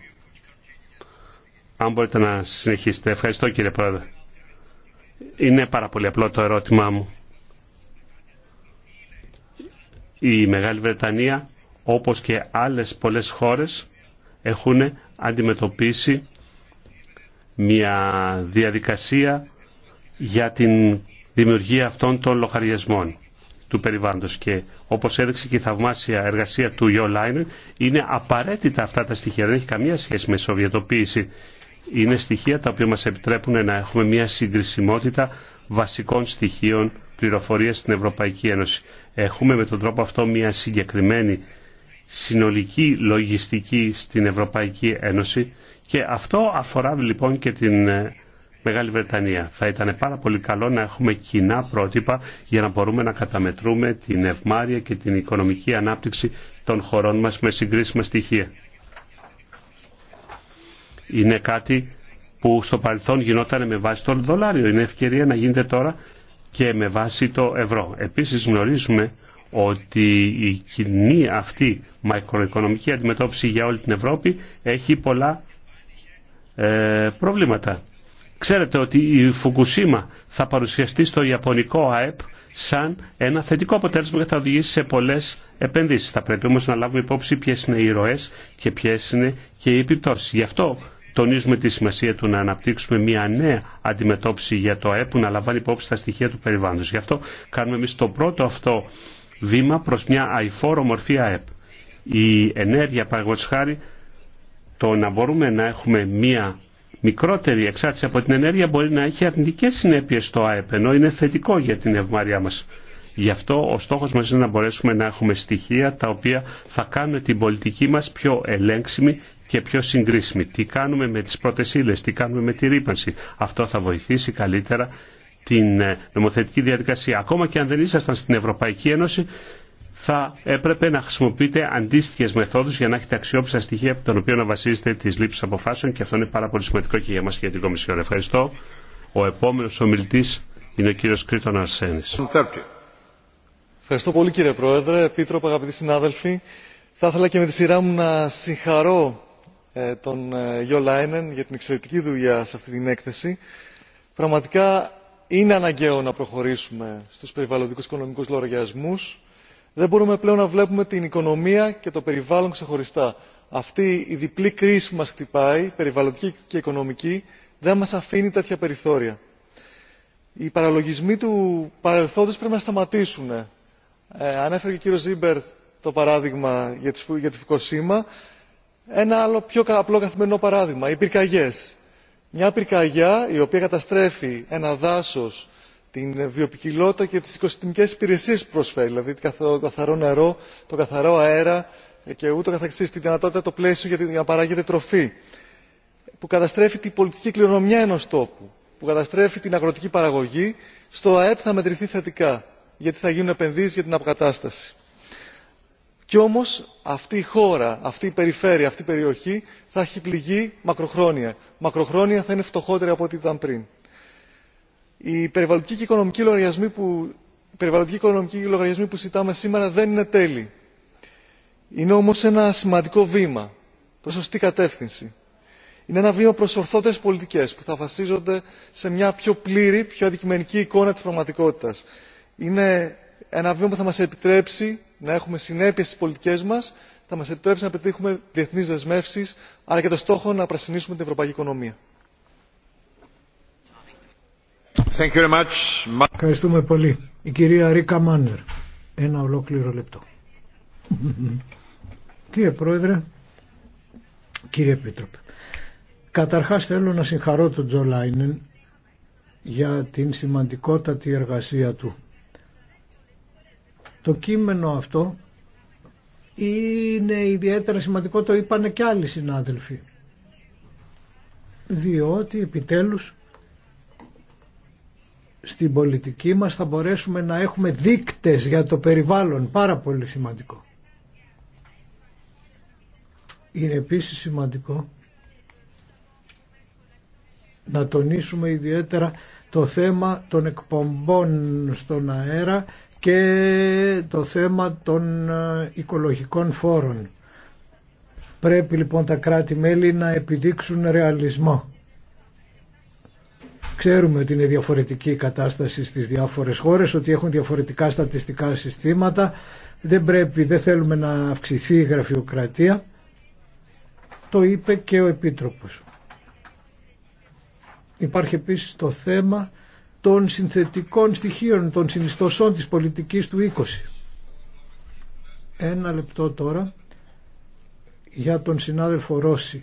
Αν μπορείτε να συνεχίσετε. Ευχαριστώ, κύριε Πρόεδρε. Είναι πάρα πολύ απλό το ερώτημά μου. Η Μεγάλη Βρετανία όπως και άλλες πολλές χώρες έχουν αντιμετωπίσει μια διαδικασία για την δημιουργία αυτών των λογαριασμών του περιβάλλοντος και όπως έδειξε και η θαυμάσια εργασία του Ιω είναι απαραίτητα αυτά τα στοιχεία, δεν έχει καμία σχέση με σοβιετοποίηση. Είναι στοιχεία τα οποία μας επιτρέπουν να έχουμε μια συγκρισιμότητα βασικών στοιχείων πληροφορίας στην Ευρωπαϊκή Ένωση. Έχουμε με τον τρόπο αυτό μια συγκεκριμένη συνολική λογιστική στην Ευρωπαϊκή Ένωση και αυτό αφορά λοιπόν και την ε, Μεγάλη Βρετανία. Θα ήταν πάρα πολύ καλό να έχουμε κοινά πρότυπα για να μπορούμε να καταμετρούμε την ευμάρεια και την οικονομική ανάπτυξη των χωρών μας με συγκρίσιμα στοιχεία. Είναι κάτι που στο παρελθόν γινόταν με βάση το δολάριο. Είναι ευκαιρία να γίνεται τώρα και με βάση το ευρώ. Επίσης γνωρίζουμε ότι η κοινή αυτή μακροοικονομική αντιμετώπιση για όλη την Ευρώπη έχει πολλά ε, προβλήματα. Ξέρετε ότι η Φουκουσίμα θα παρουσιαστεί στο Ιαπωνικό ΑΕΠ σαν ένα θετικό αποτέλεσμα και θα οδηγήσει σε πολλές επενδύσεις. Θα πρέπει όμως να λάβουμε υπόψη ποιες είναι οι ροές και ποιες είναι και οι επιπτώσεις. Γι' αυτό τονίζουμε τη σημασία του να αναπτύξουμε μια νέα αντιμετώπιση για το ΑΕΠ που να λαμβάνει υπόψη τα στοιχεία του περιβάλλοντος. Γι' αυτό κάνουμε εμείς το πρώτο αυτό βήμα προς μια αηφόρο μορφή ΑΕΠ. Η ενέργεια παραγωγής χάρη, το να μπορούμε να έχουμε μια μικρότερη εξάρτηση από την ενέργεια μπορεί να έχει αρνητικές συνέπειες στο ΑΕΠ, ενώ είναι θετικό για την ευμαρία μας. Γι' αυτό ο στόχος μας είναι να μπορέσουμε να έχουμε στοιχεία τα οποία θα κάνουν την πολιτική μας πιο ελέγξιμη και πιο συγκρίσιμη. Τι κάνουμε με τις πρώτες ύλες, τι κάνουμε με τη ρήπανση. Αυτό θα βοηθήσει καλύτερα την ε, νομοθετική διαδικασία. Ακόμα και αν δεν ήσασταν στην Ευρωπαϊκή Ένωση, θα έπρεπε να χρησιμοποιείτε αντίστοιχε μεθόδου για να έχετε αξιόπιστα στοιχεία από τον οποίο να βασίζετε τι λήψει αποφάσεων και αυτό είναι πάρα πολύ σημαντικό και για εμά και για την Κομισιόν. Ευχαριστώ. Ο επόμενο ομιλητή είναι ο κύριο Κρήτον Αρσένη. Ευχαριστώ πολύ κύριε Πρόεδρε, Επίτροπο, αγαπητοί συνάδελφοι. Θα ήθελα και με τη σειρά μου να συγχαρώ ε, τον ε, Γιώ για την εξαιρετική δουλειά σε αυτή την έκθεση. Πραγματικά είναι αναγκαίο να προχωρήσουμε στους περιβαλλοντικούς οικονομικούς λογαριασμούς δεν μπορούμε πλέον να βλέπουμε την οικονομία και το περιβάλλον ξεχωριστά. αυτή η διπλή κρίση που μας χτυπάει περιβαλλοντική και οικονομική δεν μας αφήνει τέτοια περιθώρια. οι παραλογισμοί του παρελθόντος πρέπει να σταματήσουν. Ε, ανέφερε και ο κύριος Ζίμπερ το παράδειγμα για τη Φουκοσίμα. Ένα άλλο πιο απλό καθημερινό παράδειγμα, οι πυρκαγιές μια πυρκαγιά η οποία καταστρέφει ένα δάσος την βιοποικιλότητα και τις οικοσυστημικές υπηρεσίες που προσφέρει δηλαδή το καθαρό νερό τον καθαρό αέρα και ούτω καθεξής τη δυνατότητα το πλαίσιο για να παράγεται τροφή που καταστρέφει την πολιτική κληρονομιά ενός τόπου που καταστρέφει την αγροτική παραγωγή στο αεπ θα μετρηθεί θετικά γιατί θα γίνουν επενδύσεις για την αποκατάσταση. Κι όμως αυτή η χώρα, αυτή η περιφέρεια, αυτή η περιοχή θα έχει πληγεί μακροχρόνια. Μακροχρόνια θα είναι φτωχότερη από ό,τι ήταν πριν. Οι περιβαλλοντικοί και οικονομικοί λογαριασμοί που, οι οικονομικοί λογαριασμοί που σήμερα δεν είναι τέλειοι. Είναι όμως ένα σημαντικό βήμα προς σωστή κατεύθυνση. Είναι ένα βήμα προς ορθότερες πολιτικές που θα βασίζονται σε μια πιο πλήρη, πιο αντικειμενική εικόνα της πραγματικότητας. Είναι ένα βήμα που θα μας επιτρέψει να έχουμε συνέπεια στι πολιτικέ μα θα μα επιτρέψει να πετύχουμε διεθνεί δεσμεύσει αλλά και το στόχο να πρασινίσουμε την ευρωπαϊκή οικονομία. Ευχαριστούμε πολύ. Η κυρία Ρίκα Μάνερ. Ένα ολόκληρο λεπτό. (laughs) Κύριε Πρόεδρε, κύριε Επίτροπε, καταρχάς θέλω να συγχαρώ τον Λάινεν για την σημαντικότατη εργασία του το κείμενο αυτό είναι ιδιαίτερα σημαντικό, το είπανε και άλλοι συνάδελφοι. Διότι επιτέλους στην πολιτική μας θα μπορέσουμε να έχουμε δίκτες για το περιβάλλον, πάρα πολύ σημαντικό. Είναι επίσης σημαντικό να τονίσουμε ιδιαίτερα το θέμα των εκπομπών στον αέρα και το θέμα των ε, οικολογικών φόρων. Πρέπει λοιπόν τα κράτη-μέλη να επιδείξουν ρεαλισμό. Ξέρουμε ότι είναι διαφορετική η κατάσταση στις διάφορες χώρες, ότι έχουν διαφορετικά στατιστικά συστήματα. Δεν πρέπει, δεν θέλουμε να αυξηθεί η γραφειοκρατία. Το είπε και ο Επίτροπος. Υπάρχει επίσης το θέμα των συνθετικών στοιχείων των συνιστοσών της πολιτικής του 20. Ένα λεπτό τώρα για τον συνάδελφο Ρώση.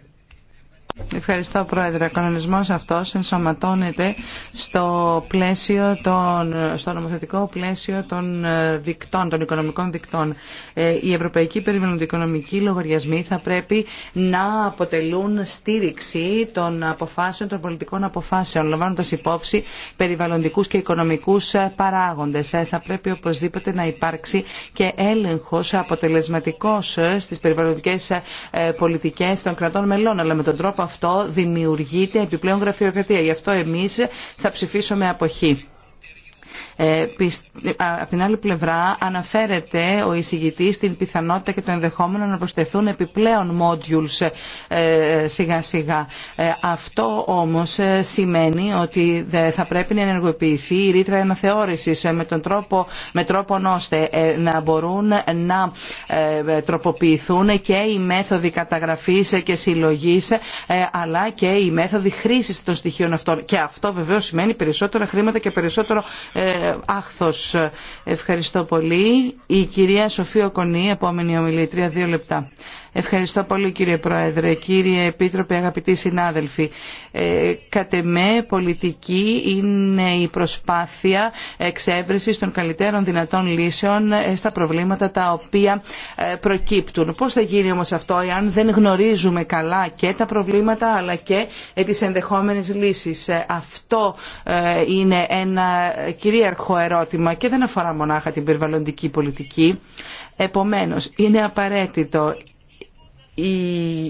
Ευχαριστώ Πρόεδρε. Ο κανονισμός αυτός ενσωματώνεται στο, πλαίσιο των, στο νομοθετικό πλαίσιο των ε, δικτών, των οικονομικών δικτών. Ε, οι ευρωπαϊκοί περιβαλλοντικονομικοί λογαριασμοί θα πρέπει να αποτελούν στήριξη των αποφάσεων, των πολιτικών αποφάσεων, λαμβάνοντας υπόψη περιβαλλοντικούς και οικονομικούς ε, παράγοντες. Θα πρέπει οπωσδήποτε να υπάρξει και έλεγχος αποτελεσματικός στις περιβαλλοντικές πολιτικές των κρατών μελών, αλλά με τον τρόπο αυτό δημιουργείται επιπλέον γραφειοκρατία. Γι' αυτό εμείς θα ψηφίσουμε αποχή. Ε, Από την άλλη πλευρά αναφέρεται ο εισηγητής την πιθανότητα και το ενδεχόμενο να προσθεθούν επιπλέον modules ε, σιγά σιγά. Ε, αυτό όμως σημαίνει ότι θα πρέπει να ενεργοποιηθεί η ρήτρα αναθεώρησης με τον τρόπο, με τρόπο ώστε να μπορούν να τροποποιηθούν και οι μέθοδοι καταγραφής και συλλογής αλλά και οι μέθοδοι χρήσης των στοιχείων αυτών. Και αυτό βεβαίως σημαίνει περισσότερα χρήματα και περισσότερο άχθος. Ε, ευχαριστώ πολύ. Η κυρία Σοφία Κονή, επόμενη ομιλήτρια, δύο λεπτά. Ευχαριστώ πολύ κύριε Πρόεδρε, κύριε Επίτροπε, αγαπητοί συνάδελφοι. Ε, κατ' εμέ πολιτική είναι η προσπάθεια εξεύρεσης των καλύτερων δυνατών λύσεων ε, στα προβλήματα τα οποία ε, προκύπτουν. Πώς θα γίνει όμως αυτό εάν δεν γνωρίζουμε καλά και τα προβλήματα αλλά και τις ενδεχόμενες λύσεις. Αυτό είναι ένα κυρίαρχο Έχω ερώτημα και δεν αφορά μονάχα την περιβαλλοντική πολιτική. Επομένως, είναι απαραίτητο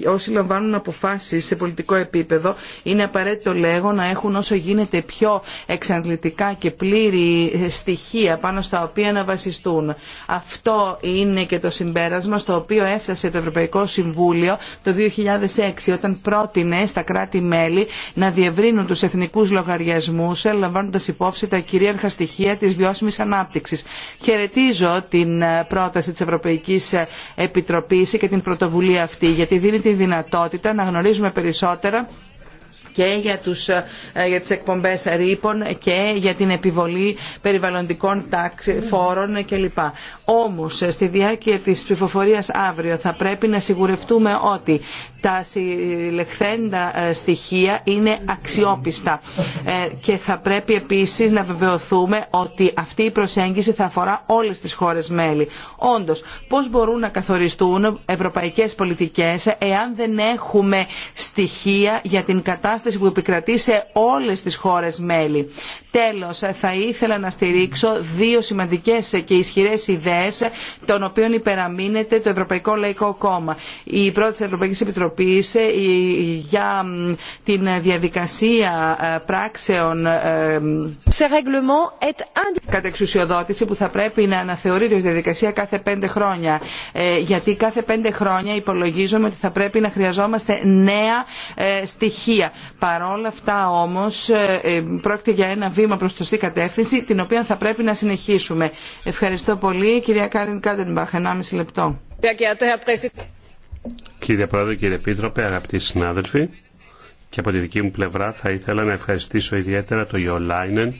όσοι λαμβάνουν αποφάσεις σε πολιτικό επίπεδο είναι απαραίτητο λέγω να έχουν όσο γίνεται πιο εξαντλητικά και πλήρη στοιχεία πάνω στα οποία να βασιστούν. Αυτό είναι και το συμπέρασμα στο οποίο έφτασε το Ευρωπαϊκό Συμβούλιο το 2006 όταν πρότεινε στα κράτη-μέλη να διευρύνουν τους εθνικούς λογαριασμούς ε, λαμβάνοντας υπόψη τα κυρίαρχα στοιχεία της βιώσιμης ανάπτυξης. Χαιρετίζω την πρόταση της Ευρωπαϊκής Επιτροπής και την πρωτοβουλία αυτή αυτή γιατί δίνει τη δυνατότητα να γνωρίζουμε περισσότερα και για, τους, ε, για τις εκπομπές ρήπων και για την επιβολή περιβαλλοντικών τάξη, φόρων κλπ. Όμως ε, στη διάρκεια της ψηφοφορίας αύριο θα πρέπει να σιγουρευτούμε ότι τα συλλεχθέντα ε, στοιχεία είναι αξιόπιστα και θα πρέπει επίσης να βεβαιωθούμε ότι αυτή η προσέγγιση θα αφορά όλες τις χώρες μέλη. Όντως, πώς μπορούν να καθοριστούν ευρωπαϊκές πολιτικές εάν δεν έχουμε στοιχεία για την κατάσταση κατάσταση που επικρατεί σε όλες τις χώρες μέλη. Τέλος, θα ήθελα να στηρίξω δύο σημαντικές και ισχυρές ιδέες των οποίων υπεραμείνεται το Ευρωπαϊκό Λαϊκό Κόμμα. Η πρώτη της Ευρωπαϊκής Επιτροπής ε, για την διαδικασία ε, πράξεων ε, κατά εξουσιοδότηση που θα πρέπει να αναθεωρείται ως διαδικασία κάθε πέντε χρόνια. Γιατί κάθε πέντε χρόνια υπολογίζουμε ότι θα πρέπει να χρειαζόμαστε νέα στοιχεία Παρόλα αυτά όμως ε, ε, πρόκειται για ένα βήμα προς σωστή κατεύθυνση την οποία θα πρέπει να συνεχίσουμε. Ευχαριστώ πολύ. Κυρία Κάριν Κάντενμπαχ, 1,5 λεπτό. Κύριε Πρόεδρε, κύριε Επίτροπε, αγαπητοί συνάδελφοι, και από τη δική μου πλευρά θα ήθελα να ευχαριστήσω ιδιαίτερα το Ιολάινεν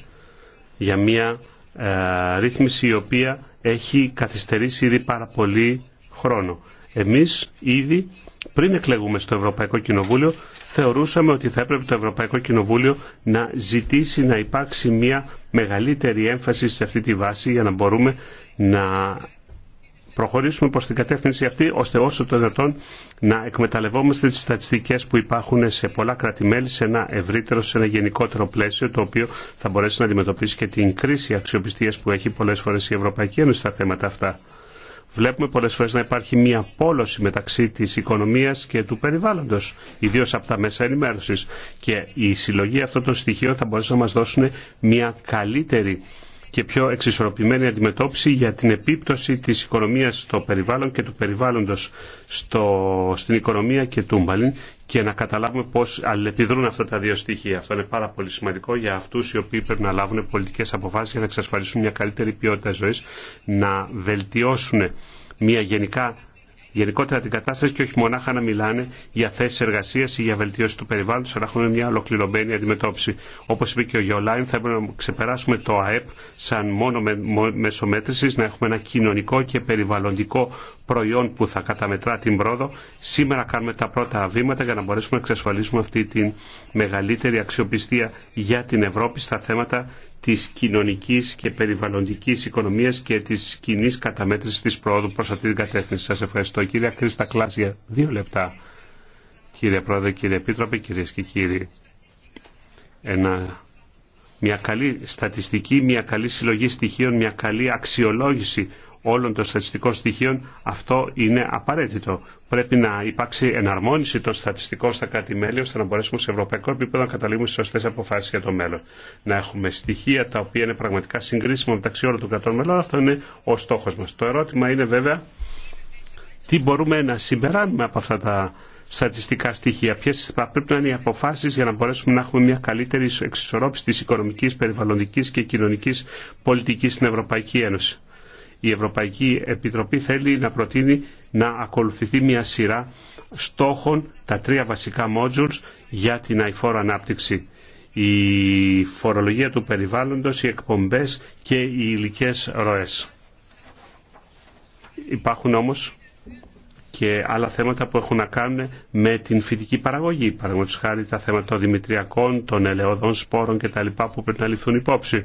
για μια ε, ρύθμιση η οποία έχει καθυστερήσει ήδη πάρα πολύ χρόνο. Εμείς ήδη πριν εκλεγούμε στο Ευρωπαϊκό Κοινοβούλιο, θεωρούσαμε ότι θα έπρεπε το Ευρωπαϊκό Κοινοβούλιο να ζητήσει να υπάρξει μια μεγαλύτερη έμφαση σε αυτή τη βάση για να μπορούμε να προχωρήσουμε προς την κατεύθυνση αυτή, ώστε όσο το δυνατόν να εκμεταλλευόμαστε τις στατιστικές που υπάρχουν σε πολλά κρατη κράτη-μέλη σε ένα ευρύτερο, σε ένα γενικότερο πλαίσιο, το οποίο θα μπορέσει να αντιμετωπίσει και την κρίση αξιοπιστίας που έχει πολλές φορές η Ευρωπαϊκή Ένωση στα θέματα αυτά. Βλέπουμε πολλές φορές να υπάρχει μία πόλωση μεταξύ της οικονομίας και του περιβάλλοντος, ιδίως από τα μέσα ενημέρωσης. Και η συλλογή αυτών των στοιχείων θα μπορέσει να μας δώσουν μία καλύτερη και πιο εξισορροπημένη αντιμετώπιση για την επίπτωση της οικονομίας στο περιβάλλον και του περιβάλλοντος στην οικονομία και μπαλίν και να καταλάβουμε πώς αλληλεπιδρούν αυτά τα δύο στοιχεία. Αυτό είναι πάρα πολύ σημαντικό για αυτούς οι οποίοι πρέπει να λάβουν πολιτικές αποφάσεις για να εξασφαλίσουν μια καλύτερη ποιότητα ζωής, να βελτιώσουν μια γενικά γενικότερα την κατάσταση και όχι μονάχα να μιλάνε για θέσει εργασία ή για βελτίωση του περιβάλλοντο, αλλά έχουν μια ολοκληρωμένη αντιμετώπιση. Όπω είπε και ο Γιολάιν, θα έπρεπε να ξεπεράσουμε το ΑΕΠ σαν μόνο με, μεσομέτρηση, να έχουμε ένα κοινωνικό και περιβαλλοντικό προϊόν που θα καταμετρά την πρόοδο. Σήμερα κάνουμε τα πρώτα βήματα για να μπορέσουμε να εξασφαλίσουμε αυτή τη μεγαλύτερη αξιοπιστία για την Ευρώπη στα θέματα της κοινωνικής και περιβαλλοντικής οικονομίας και της κοινή καταμέτρησης της πρόοδου προς αυτή την κατεύθυνση. Σας ευχαριστώ. κύριε Κρίστα Κλάσια. δύο λεπτά. Κύριε Πρόεδρε, κύριε Επίτροπε, κυρίες και κύριοι. Ένα, μια καλή στατιστική, μια καλή συλλογή στοιχείων, μια καλή αξιολόγηση όλων των στατιστικών στοιχείων, αυτό είναι απαραίτητο. Πρέπει να υπάρξει εναρμόνιση των στατιστικών στα κράτη-μέλη, ώστε να μπορέσουμε σε ευρωπαϊκό επίπεδο να καταλήγουμε στι σωστέ αποφάσει για το μέλλον. Να έχουμε στοιχεία τα οποία είναι πραγματικά συγκρίσιμα μεταξύ όλων των κρατών μελών, αυτό είναι ο στόχο μα. Το ερώτημα είναι βέβαια τι μπορούμε να συμπεράνουμε από αυτά τα στατιστικά στοιχεία, ποιε θα πρέπει να είναι οι αποφάσει για να μπορέσουμε να έχουμε μια καλύτερη εξισορρόπηση τη οικονομική, περιβαλλοντική και κοινωνική πολιτική στην Ευρωπαϊκή Ένωση η Ευρωπαϊκή Επιτροπή θέλει να προτείνει να ακολουθηθεί μια σειρά στόχων, τα τρία βασικά modules για την αηφόρο ανάπτυξη. Η φορολογία του περιβάλλοντος, οι εκπομπές και οι υλικές ροές. Υπάρχουν όμως και άλλα θέματα που έχουν να κάνουν με την φυτική παραγωγή. Παραγωγή χάρη τα θέματα των δημητριακών, των ελαιόδων σπόρων κτλ. που πρέπει να ληφθούν υπόψη.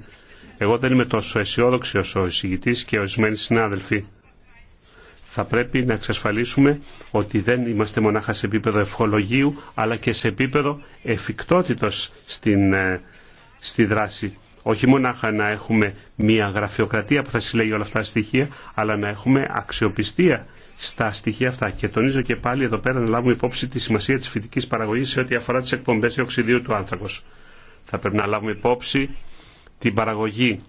Εγώ δεν είμαι τόσο αισιόδοξη όσο ο εισηγητή και ορισμένοι συνάδελφοι. Θα πρέπει να εξασφαλίσουμε ότι δεν είμαστε μονάχα σε επίπεδο ευχολογίου, αλλά και σε επίπεδο εφικτότητος στην, ε, στη δράση. Όχι μονάχα να έχουμε μια γραφειοκρατία που θα συλλέγει όλα αυτά τα στοιχεία, αλλά να έχουμε αξιοπιστία στα στοιχεία αυτά. Και τονίζω και πάλι εδώ πέρα να λάβουμε υπόψη τη σημασία τη φυτική παραγωγή σε ό,τι αφορά τι εκπομπέ διοξιδίου του άνθρακο. Θα πρέπει να λάβουμε υπόψη την παραγωγή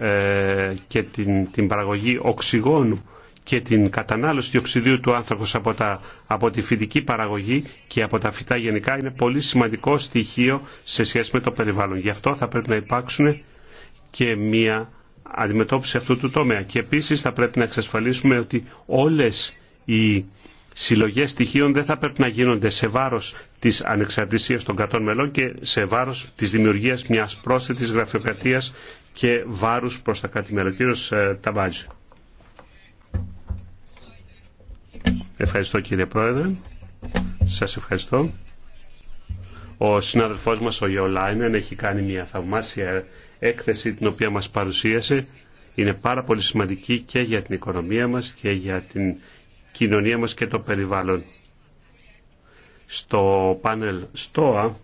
ε, και την, την παραγωγή οξυγόνου και την κατανάλωση διοξιδίου του άνθρακος από, τα, από τη φυτική παραγωγή και από τα φυτά γενικά είναι πολύ σημαντικό στοιχείο σε σχέση με το περιβάλλον. Γι' αυτό θα πρέπει να υπάρξουν και μία αντιμετώπιση αυτού του τομέα. Και επίσης θα πρέπει να εξασφαλίσουμε ότι όλες οι συλλογές στοιχείων δεν θα πρέπει να γίνονται σε βάρος της ανεξαρτησίας των κρατών μελών και σε βάρος της δημιουργίας μιας πρόσθετης γραφειοκρατίας και βάρους προς τα κάτι μέλη. Κύριος ε, Ταβάζη. Ευχαριστώ κύριε Πρόεδρε. Σας ευχαριστώ. Ο συνάδελφός μας ο Λάινεν, έχει κάνει μια θαυμάσια έκθεση την οποία μας παρουσίασε. Είναι πάρα πολύ σημαντική και για την οικονομία μας και για την κοινωνία μας και το περιβάλλον. Στο πάνελ ΣΤΟΑ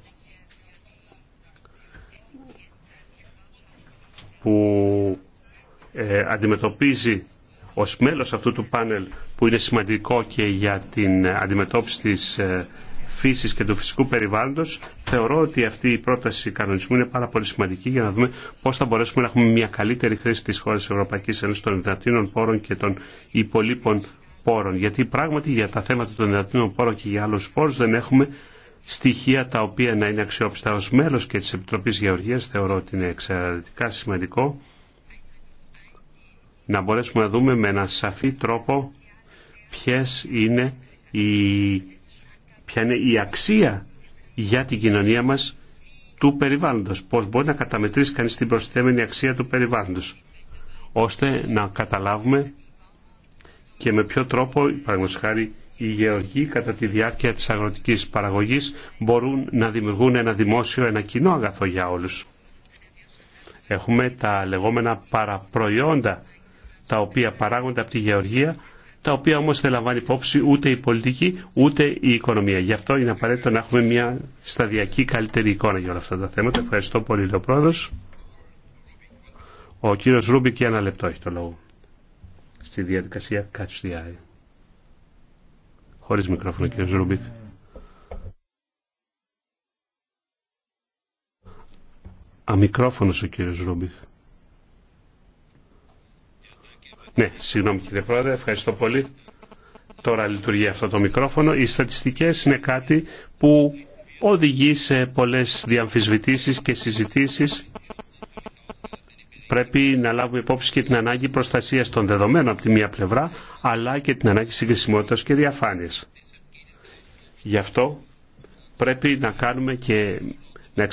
που ε, αντιμετωπίζει ως μέλος αυτού του πάνελ που είναι σημαντικό και για την αντιμετώπιση της ε, φύσης και του φυσικού περιβάλλοντος θεωρώ ότι αυτή η πρόταση κανονισμού είναι πάρα πολύ σημαντική για να δούμε πώς θα μπορέσουμε να έχουμε μια καλύτερη χρήση της χώρας Ευρωπαϊκής Ένωσης των δυνατήνων πόρων και των υπολείπων πόρων. Γιατί πράγματι για τα θέματα των υδατινών πόρων και για άλλους πόρους δεν έχουμε στοιχεία τα οποία να είναι αξιόπιστα ως μέλος και της Επιτροπής Γεωργίας θεωρώ ότι είναι εξαιρετικά σημαντικό να μπορέσουμε να δούμε με ένα σαφή τρόπο ποιες είναι η, ποια είναι η αξία για την κοινωνία μας του περιβάλλοντος. Πώς μπορεί να καταμετρήσει κανείς την προσθέμενη αξία του περιβάλλοντος ώστε να καταλάβουμε και με ποιο τρόπο, παραδείγματο χάρη, οι γεωργοί κατά τη διάρκεια της αγροτικής παραγωγής μπορούν να δημιουργούν ένα δημόσιο, ένα κοινό αγαθό για όλους. Έχουμε τα λεγόμενα παραπροϊόντα τα οποία παράγονται από τη γεωργία, τα οποία όμως δεν λαμβάνει υπόψη ούτε η πολιτική ούτε η οικονομία. Γι' αυτό είναι απαραίτητο να έχουμε μια σταδιακή καλύτερη εικόνα για όλα αυτά τα θέματα. Ευχαριστώ πολύ, Λεοπρόεδρος. Ο κύριος Ρούμπικ για ένα λεπτό έχει το λόγο στη διαδικασία Catch the Eye. Χωρίς μικρόφωνο κύριε Ζουρουμπίχ. Αμικρόφωνος ο κύριος Ρούμπιχ. Ναι, συγγνώμη κύριε Πρόεδρε, ευχαριστώ πολύ. Τώρα λειτουργεί αυτό το μικρόφωνο. Οι στατιστικές είναι κάτι που οδηγεί σε πολλές διαμφισβητήσεις και συζητήσεις πρέπει να λάβουμε υπόψη και την ανάγκη προστασία των δεδομένων από τη μία πλευρά, αλλά και την ανάγκη συγκρισιμότητα και διαφάνεια. Γι' αυτό πρέπει να κάνουμε και να,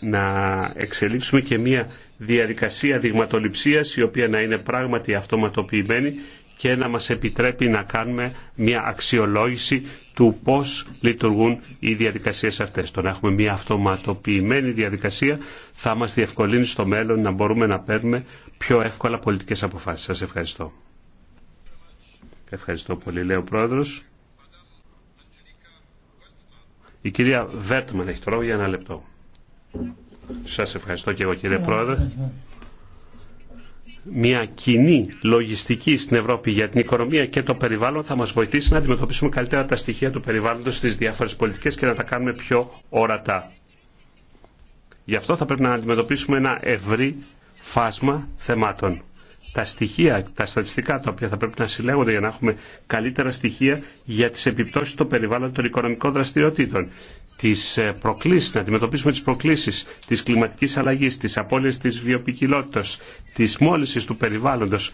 να εξελίξουμε και μία διαδικασία δειγματοληψίας η οποία να είναι πράγματι αυτοματοποιημένη και να μας επιτρέπει να κάνουμε μια αξιολόγηση του πώς λειτουργούν οι διαδικασίες αυτές. Το να έχουμε μια αυτοματοποιημένη διαδικασία θα μας διευκολύνει στο μέλλον να μπορούμε να παίρνουμε πιο εύκολα πολιτικές αποφάσεις. Σας ευχαριστώ. Ευχαριστώ πολύ, λέει ο Πρόεδρος. Η κυρία Βέρτμαν έχει το λόγο για ένα λεπτό. Σας ευχαριστώ και εγώ κύριε Πρόεδρε μια κοινή λογιστική στην Ευρώπη για την οικονομία και το περιβάλλον θα μας βοηθήσει να αντιμετωπίσουμε καλύτερα τα στοιχεία του περιβάλλοντος στις διάφορες πολιτικές και να τα κάνουμε πιο ορατά. Γι' αυτό θα πρέπει να αντιμετωπίσουμε ένα ευρύ φάσμα θεμάτων τα στοιχεία, τα στατιστικά τα οποία θα πρέπει να συλλέγονται για να έχουμε καλύτερα στοιχεία για τις επιπτώσεις στο περιβάλλον των οικονομικών δραστηριοτήτων. Τις ε, προκλήσεις, να αντιμετωπίσουμε τις προκλήσεις της κλιματικής αλλαγής, τις απώλειες της βιοπικιλότητας, της μόλυσης του περιβάλλοντος,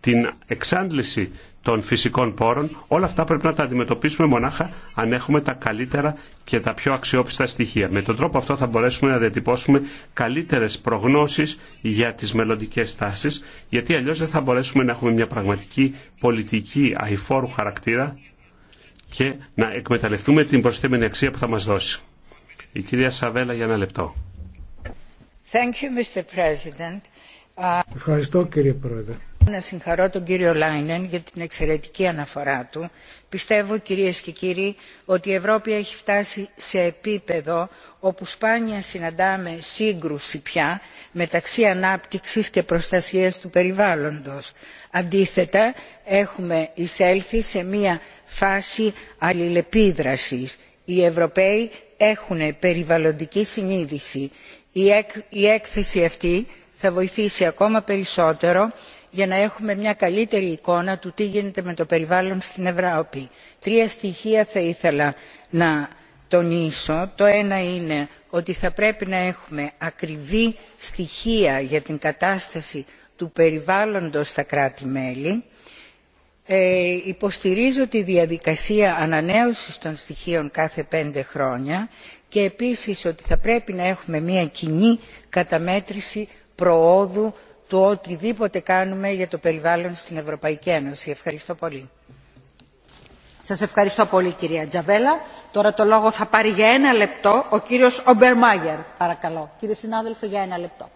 την εξάντληση των φυσικών πόρων. Όλα αυτά πρέπει να τα αντιμετωπίσουμε μονάχα αν έχουμε τα καλύτερα και τα πιο αξιόπιστα στοιχεία. Με τον τρόπο αυτό θα μπορέσουμε να διατυπώσουμε καλύτερες προγνώσεις για τις μελλοντικές τάσεις, γιατί αλλιώς δεν θα μπορέσουμε να έχουμε μια πραγματική πολιτική αηφόρου χαρακτήρα και να εκμεταλλευτούμε την προσθέμενη αξία που θα μας δώσει. Η κυρία Σαβέλα για ένα λεπτό. Ευχαριστώ κύριε Πρόεδρε. Να συγχαρώ τον κύριο Λάινεν για την εξαιρετική αναφορά του. Πιστεύω κυρίες και κύριοι ότι η Ευρώπη έχει φτάσει σε επίπεδο όπου σπάνια συναντάμε σύγκρουση πια μεταξύ ανάπτυξης και προστασίας του περιβάλλοντος. Αντίθετα έχουμε εισέλθει σε μια φάση αλληλεπίδρασης. Οι Ευρωπαίοι έχουν περιβαλλοντική συνείδηση. Η έκθεση αυτή θα βοηθήσει ακόμα περισσότερο για να έχουμε μια καλύτερη εικόνα του τι γίνεται με το περιβάλλον στην ευρώπη. τρία στοιχεία θα ήθελα να τονίσω το ένα είναι ότι θα πρέπει να έχουμε ακριβή στοιχεία για την κατάσταση του περιβάλλοντος στα κράτη μέλη ε, υποστηρίζω τη διαδικασία ανανέωσης των στοιχείων κάθε πέντε χρόνια και επίσης ότι θα πρέπει να έχουμε μια κοινή καταμέτρηση προόδου του οτιδήποτε κάνουμε για το περιβάλλον στην Ευρωπαϊκή Ένωση. Ευχαριστώ πολύ. Σας ευχαριστώ πολύ κυρία Τζαβέλα. Τώρα το λόγο θα πάρει για ένα λεπτό ο κύριος Ομπερμάγερ. Παρακαλώ. Κύριε συνάδελφε για ένα λεπτό.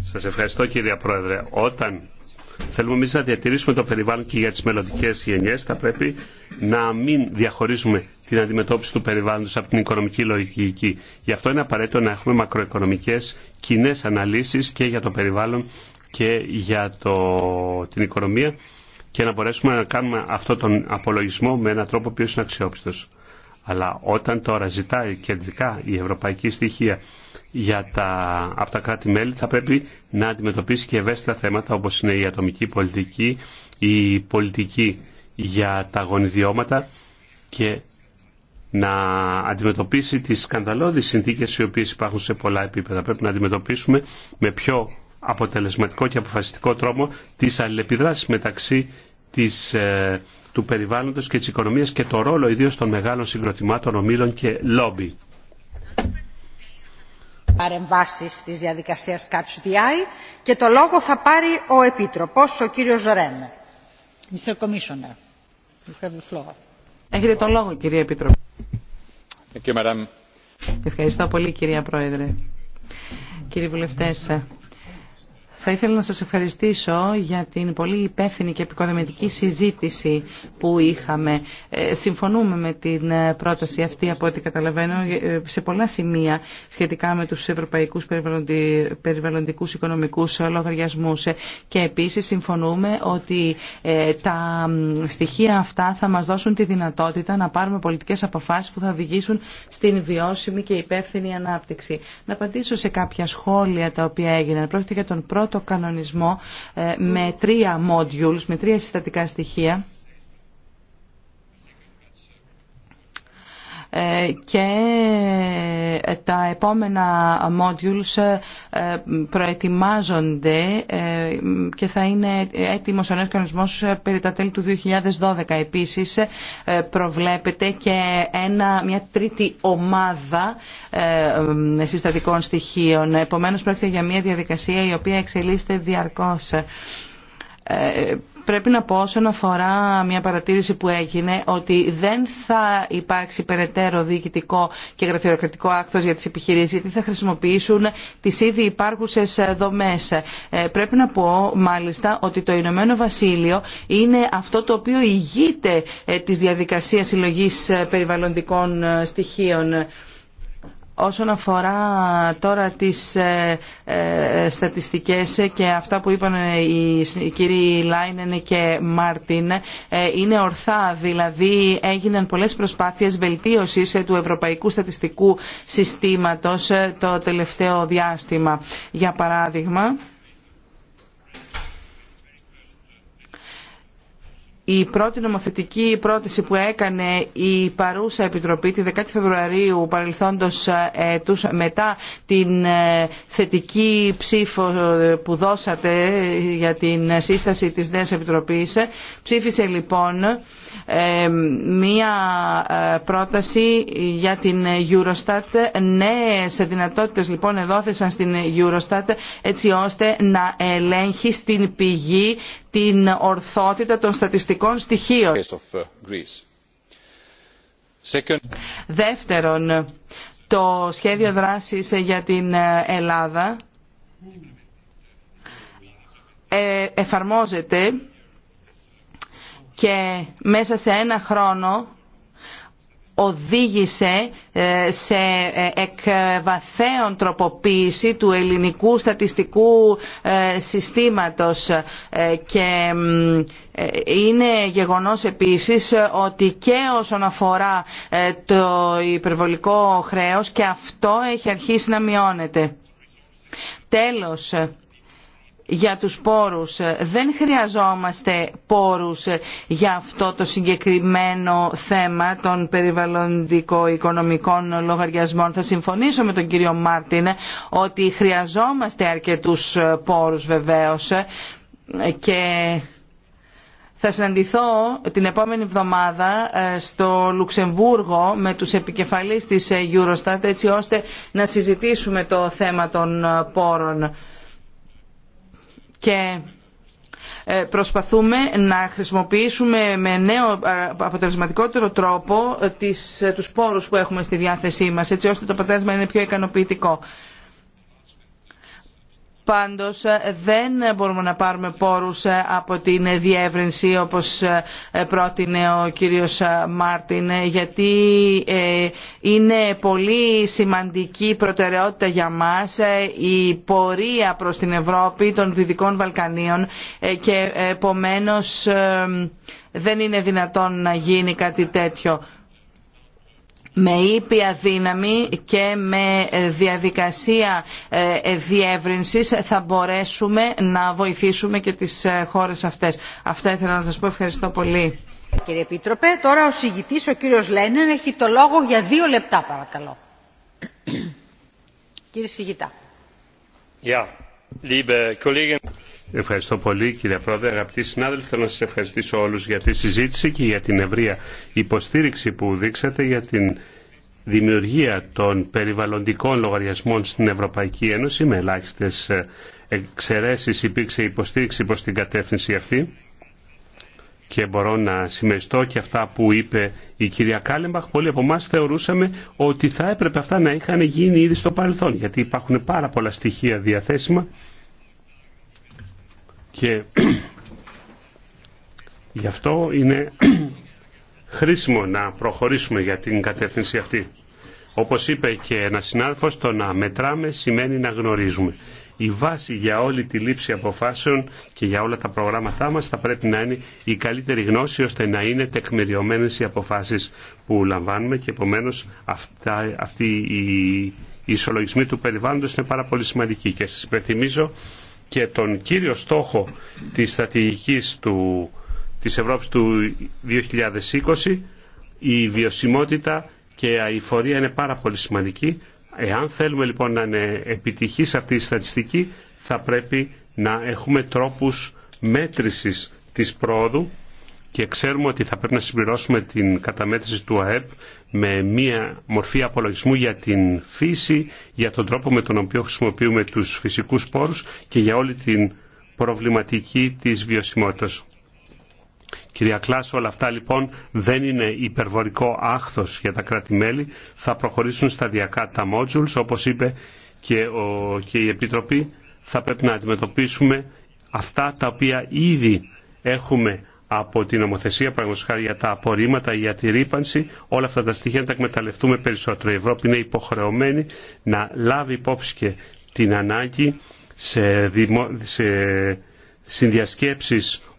Σας ευχαριστώ κύριε Πρόεδρε. Όταν θέλουμε εμεί να διατηρήσουμε το περιβάλλον και για τις μελλοντικέ γενιές θα πρέπει να μην διαχωρίζουμε την αντιμετώπιση του περιβάλλοντος από την οικονομική λογική. Γι' αυτό είναι απαραίτητο να έχουμε μακροοικονομικές κοινέ αναλύσεις και για το περιβάλλον και για το, την οικονομία και να μπορέσουμε να κάνουμε αυτό τον απολογισμό με έναν τρόπο που είναι αξιόπιστος. Αλλά όταν τώρα ζητάει κεντρικά η ευρωπαϊκή στοιχεία για τα, από τα κράτη-μέλη θα πρέπει να αντιμετωπίσει και ευαίσθητα θέματα όπως είναι η ατομική πολιτική, η πολιτική για τα γονιδιώματα και να αντιμετωπίσει τις σκανδαλώδεις συνθήκες οι οποίες υπάρχουν σε πολλά επίπεδα. Πρέπει να αντιμετωπίσουμε με πιο αποτελεσματικό και αποφασιστικό τρόμο τις αλληλεπιδράσεις μεταξύ της, ε, του περιβάλλοντος και της οικονομίας και το ρόλο ιδίως των μεγάλων συγκροτημάτων, ομίλων και λόμπι. Έχετε το λόγο, κύριε Ευχαριστώ πολύ κυρία Πρόεδρε. Κύριοι βουλευτέ θα ήθελα να σας ευχαριστήσω για την πολύ υπεύθυνη και επικοδομητική συζήτηση που είχαμε. Ε, συμφωνούμε με την ε, πρόταση αυτή από ό,τι καταλαβαίνω ε, σε πολλά σημεία σχετικά με τους ευρωπαϊκούς περιβαλλοντικούς οικονομικούς λογαριασμούς και επίσης συμφωνούμε ότι τα στοιχεία αυτά θα μας δώσουν τη δυνατότητα να πάρουμε πολιτικές αποφάσεις που θα οδηγήσουν στην βιώσιμη και υπεύθυνη ανάπτυξη. Να απαντήσω σε κάποια σχόλια τα οποία έγιναν. Πρόκειται για τον πρώτο το κανονισμό ε, με τρία modules, με τρία συστατικά στοιχεία Ε, και ε, τα επόμενα modules ε, προετοιμάζονται και θα είναι έτοιμος ο νέος κανονισμός περί τα τέλη του 2012. Επίσης προβλέπεται και ένα, μια τρίτη ομάδα συστατικών στοιχείων. Επομένως πρόκειται για μια διαδικασία η οποία εξελίσσεται διαρκώς πρέπει να πω όσον αφορά μια παρατήρηση που έγινε ότι δεν θα υπάρξει περαιτέρω διοικητικό και γραφειοκρατικό άκτος για τις επιχειρήσεις γιατί θα χρησιμοποιήσουν τις ήδη υπάρχουσες δομές. Ε, πρέπει να πω μάλιστα ότι το Ηνωμένο Βασίλειο είναι αυτό το οποίο ηγείται ε, της διαδικασίας συλλογής ε, περιβαλλοντικών στοιχείων Όσον αφορά τώρα τις ε, ε, στατιστικές και αυτά που είπαν οι κύριοι Λάινεν και Μάρτιν, ε, είναι ορθά. Δηλαδή έγιναν πολλές προσπάθειες βελτίωσης του ευρωπαϊκού στατιστικού συστήματος το τελευταίο διάστημα. Για παράδειγμα, Η πρώτη νομοθετική πρόταση που έκανε η παρούσα Επιτροπή τη 10 Φεβρουαρίου παρελθόντος έτους ε, μετά την ε, θετική ψήφο ε, που δώσατε για την σύσταση της νέας Επιτροπής ψήφισε λοιπόν ε, μία ε, πρόταση για την Eurostat. Νέες δυνατότητες λοιπόν εδόθησαν στην Eurostat έτσι ώστε να ελέγχει στην πηγή την ορθότητα των στατιστικών στοιχείων. Uh, Δεύτερον, το σχέδιο δράσης για την ε, Ελλάδα εφαρμόζεται και μέσα σε ένα χρόνο οδήγησε ε, σε ε, εκβαθέων τροποποίηση του ελληνικού στατιστικού ε, συστήματος και είναι γεγονός επίσης ότι και όσον αφορά το υπερβολικό χρέος και αυτό έχει αρχίσει να μειώνεται. Τέλος, για τους πόρους. Δεν χρειαζόμαστε πόρους για αυτό το συγκεκριμένο θέμα των περιβαλλοντικο-οικονομικών λογαριασμών. Θα συμφωνήσω με τον κύριο Μάρτιν ότι χρειαζόμαστε αρκετούς πόρους βεβαίως και... Θα συναντηθώ την επόμενη εβδομάδα ε, στο Λουξεμβούργο με τους επικεφαλείς της ε, Eurostat έτσι ώστε να συζητήσουμε το θέμα των ε, πόρων και ε, προσπαθούμε να χρησιμοποιήσουμε με νέο αποτελεσματικότερο τρόπο ε, τις, ε, τους πόρους που έχουμε στη διάθεσή μας έτσι ώστε το αποτέλεσμα είναι πιο ικανοποιητικό. Πάντως ε, δεν μπορούμε να πάρουμε πόρους ε, από την διεύρυνση όπως ε, πρότεινε ο κύριος Μάρτιν γιατί είναι πολύ σημαντική προτεραιότητα για μας η πορεία προς την Ευρώπη των Δυτικών Βαλκανίων και επομένως δεν είναι δυνατόν να γίνει κάτι τέτοιο με ήπια δύναμη και με διαδικασία ε, διεύρυνσης θα μπορέσουμε να βοηθήσουμε και τις ε, χώρες αυτές. Αυτά ήθελα να σας πω. Ευχαριστώ πολύ. Κύριε Επίτροπε, τώρα ο συγητής, ο κύριος Λένεν, έχει το λόγο για δύο λεπτά παρακαλώ. (coughs) Κύριε Συγητά. Yeah. Ευχαριστώ πολύ κύριε Πρόεδρε, αγαπητοί συνάδελφοι. Θέλω να σας ευχαριστήσω όλους για τη συζήτηση και για την ευρεία υποστήριξη που δείξατε για την δημιουργία των περιβαλλοντικών λογαριασμών στην Ευρωπαϊκή Ένωση. Με ελάχιστες ε, εξαιρέσεις υπήρξε υποστήριξη προς την κατεύθυνση αυτή και μπορώ να συμμεριστώ και αυτά που είπε η κυρία Κάλεμπαχ. Πολλοί από εμά θεωρούσαμε ότι θα έπρεπε αυτά να είχαν γίνει ήδη στο παρελθόν, γιατί υπάρχουν πάρα πολλά στοιχεία διαθέσιμα και (clears throat) γι' αυτό είναι (clears throat) χρήσιμο να προχωρήσουμε για την κατεύθυνση αυτή. Όπως είπε και ένα συνάδελφος, το να μετράμε σημαίνει να γνωρίζουμε η βάση για όλη τη λήψη αποφάσεων και για όλα τα προγράμματά μας θα πρέπει να είναι η καλύτερη γνώση ώστε να είναι τεκμηριωμένες οι αποφάσεις που λαμβάνουμε και επομένως αυτά, αυτή η οι ισολογισμοί του περιβάλλοντος είναι πάρα πολύ σημαντικοί και σας υπενθυμίζω και τον κύριο στόχο της στρατηγικής του, της Ευρώπης του 2020 η βιωσιμότητα και η αηφορία είναι πάρα πολύ σημαντική Εάν θέλουμε λοιπόν να είναι επιτυχής αυτή η στατιστική, θα πρέπει να έχουμε τρόπους μέτρησης της πρόοδου και ξέρουμε ότι θα πρέπει να συμπληρώσουμε την καταμέτρηση του ΑΕΠ με μία μορφή απολογισμού για την φύση, για τον τρόπο με τον οποίο χρησιμοποιούμε τους φυσικούς πόρους και για όλη την προβληματική της βιωσιμότητας. Κυρία Κλάσο, όλα αυτά λοιπόν δεν είναι υπερβολικό άχθος για τα κράτη-μέλη. Θα προχωρήσουν σταδιακά τα modules, όπως είπε και, ο, και η Επιτροπή. Θα πρέπει να αντιμετωπίσουμε αυτά τα οποία ήδη έχουμε από την νομοθεσία, πραγματικά για τα απορρίμματα, για τη ρήπανση, όλα αυτά τα στοιχεία να τα εκμεταλλευτούμε περισσότερο. Η Ευρώπη είναι υποχρεωμένη να λάβει υπόψη και την ανάγκη σε, δημο... σε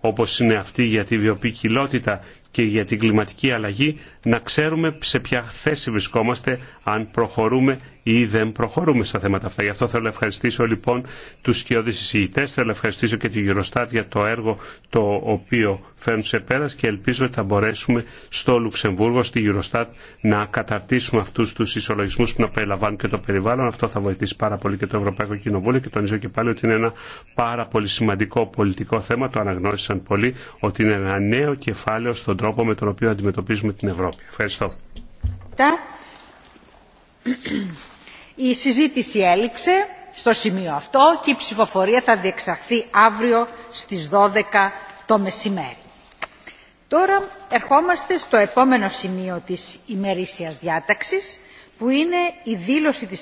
όπως είναι αυτή για τη βιοποικιλότητα και για την κλιματική αλλαγή, να ξέρουμε σε ποια θέση βρισκόμαστε αν προχωρούμε ή δεν προχωρούμε στα θέματα αυτά. Γι' αυτό θέλω να ευχαριστήσω λοιπόν του σκιώδει εισηγητέ, θέλω να ευχαριστήσω και την Eurostat για το έργο το οποίο φέρνουν σε πέρα και ελπίζω ότι θα μπορέσουμε στο Λουξεμβούργο, στη Eurostat, να καταρτήσουμε αυτού του ισολογισμού που να περιλαμβάνουν και το περιβάλλον. Αυτό θα βοηθήσει πάρα πολύ και το Ευρωπαϊκό Κοινοβούλιο και τονίζω και πάλι ότι είναι ένα πάρα πολύ σημαντικό πολιτικό θέμα. Το αναγνώρισαν πολύ, ότι είναι ένα νέο κεφάλαιο στον τρόπο με τον οποίο αντιμετωπίζουμε την Ευρώπη. Ευχαριστώ. Η συζήτηση έληξε στο σημείο αυτό και η ψηφοφορία θα διεξαχθεί αύριο στις 12 το μεσημέρι. Τώρα ερχόμαστε στο επόμενο σημείο της ημερήσιας διάταξης που είναι η δήλωση της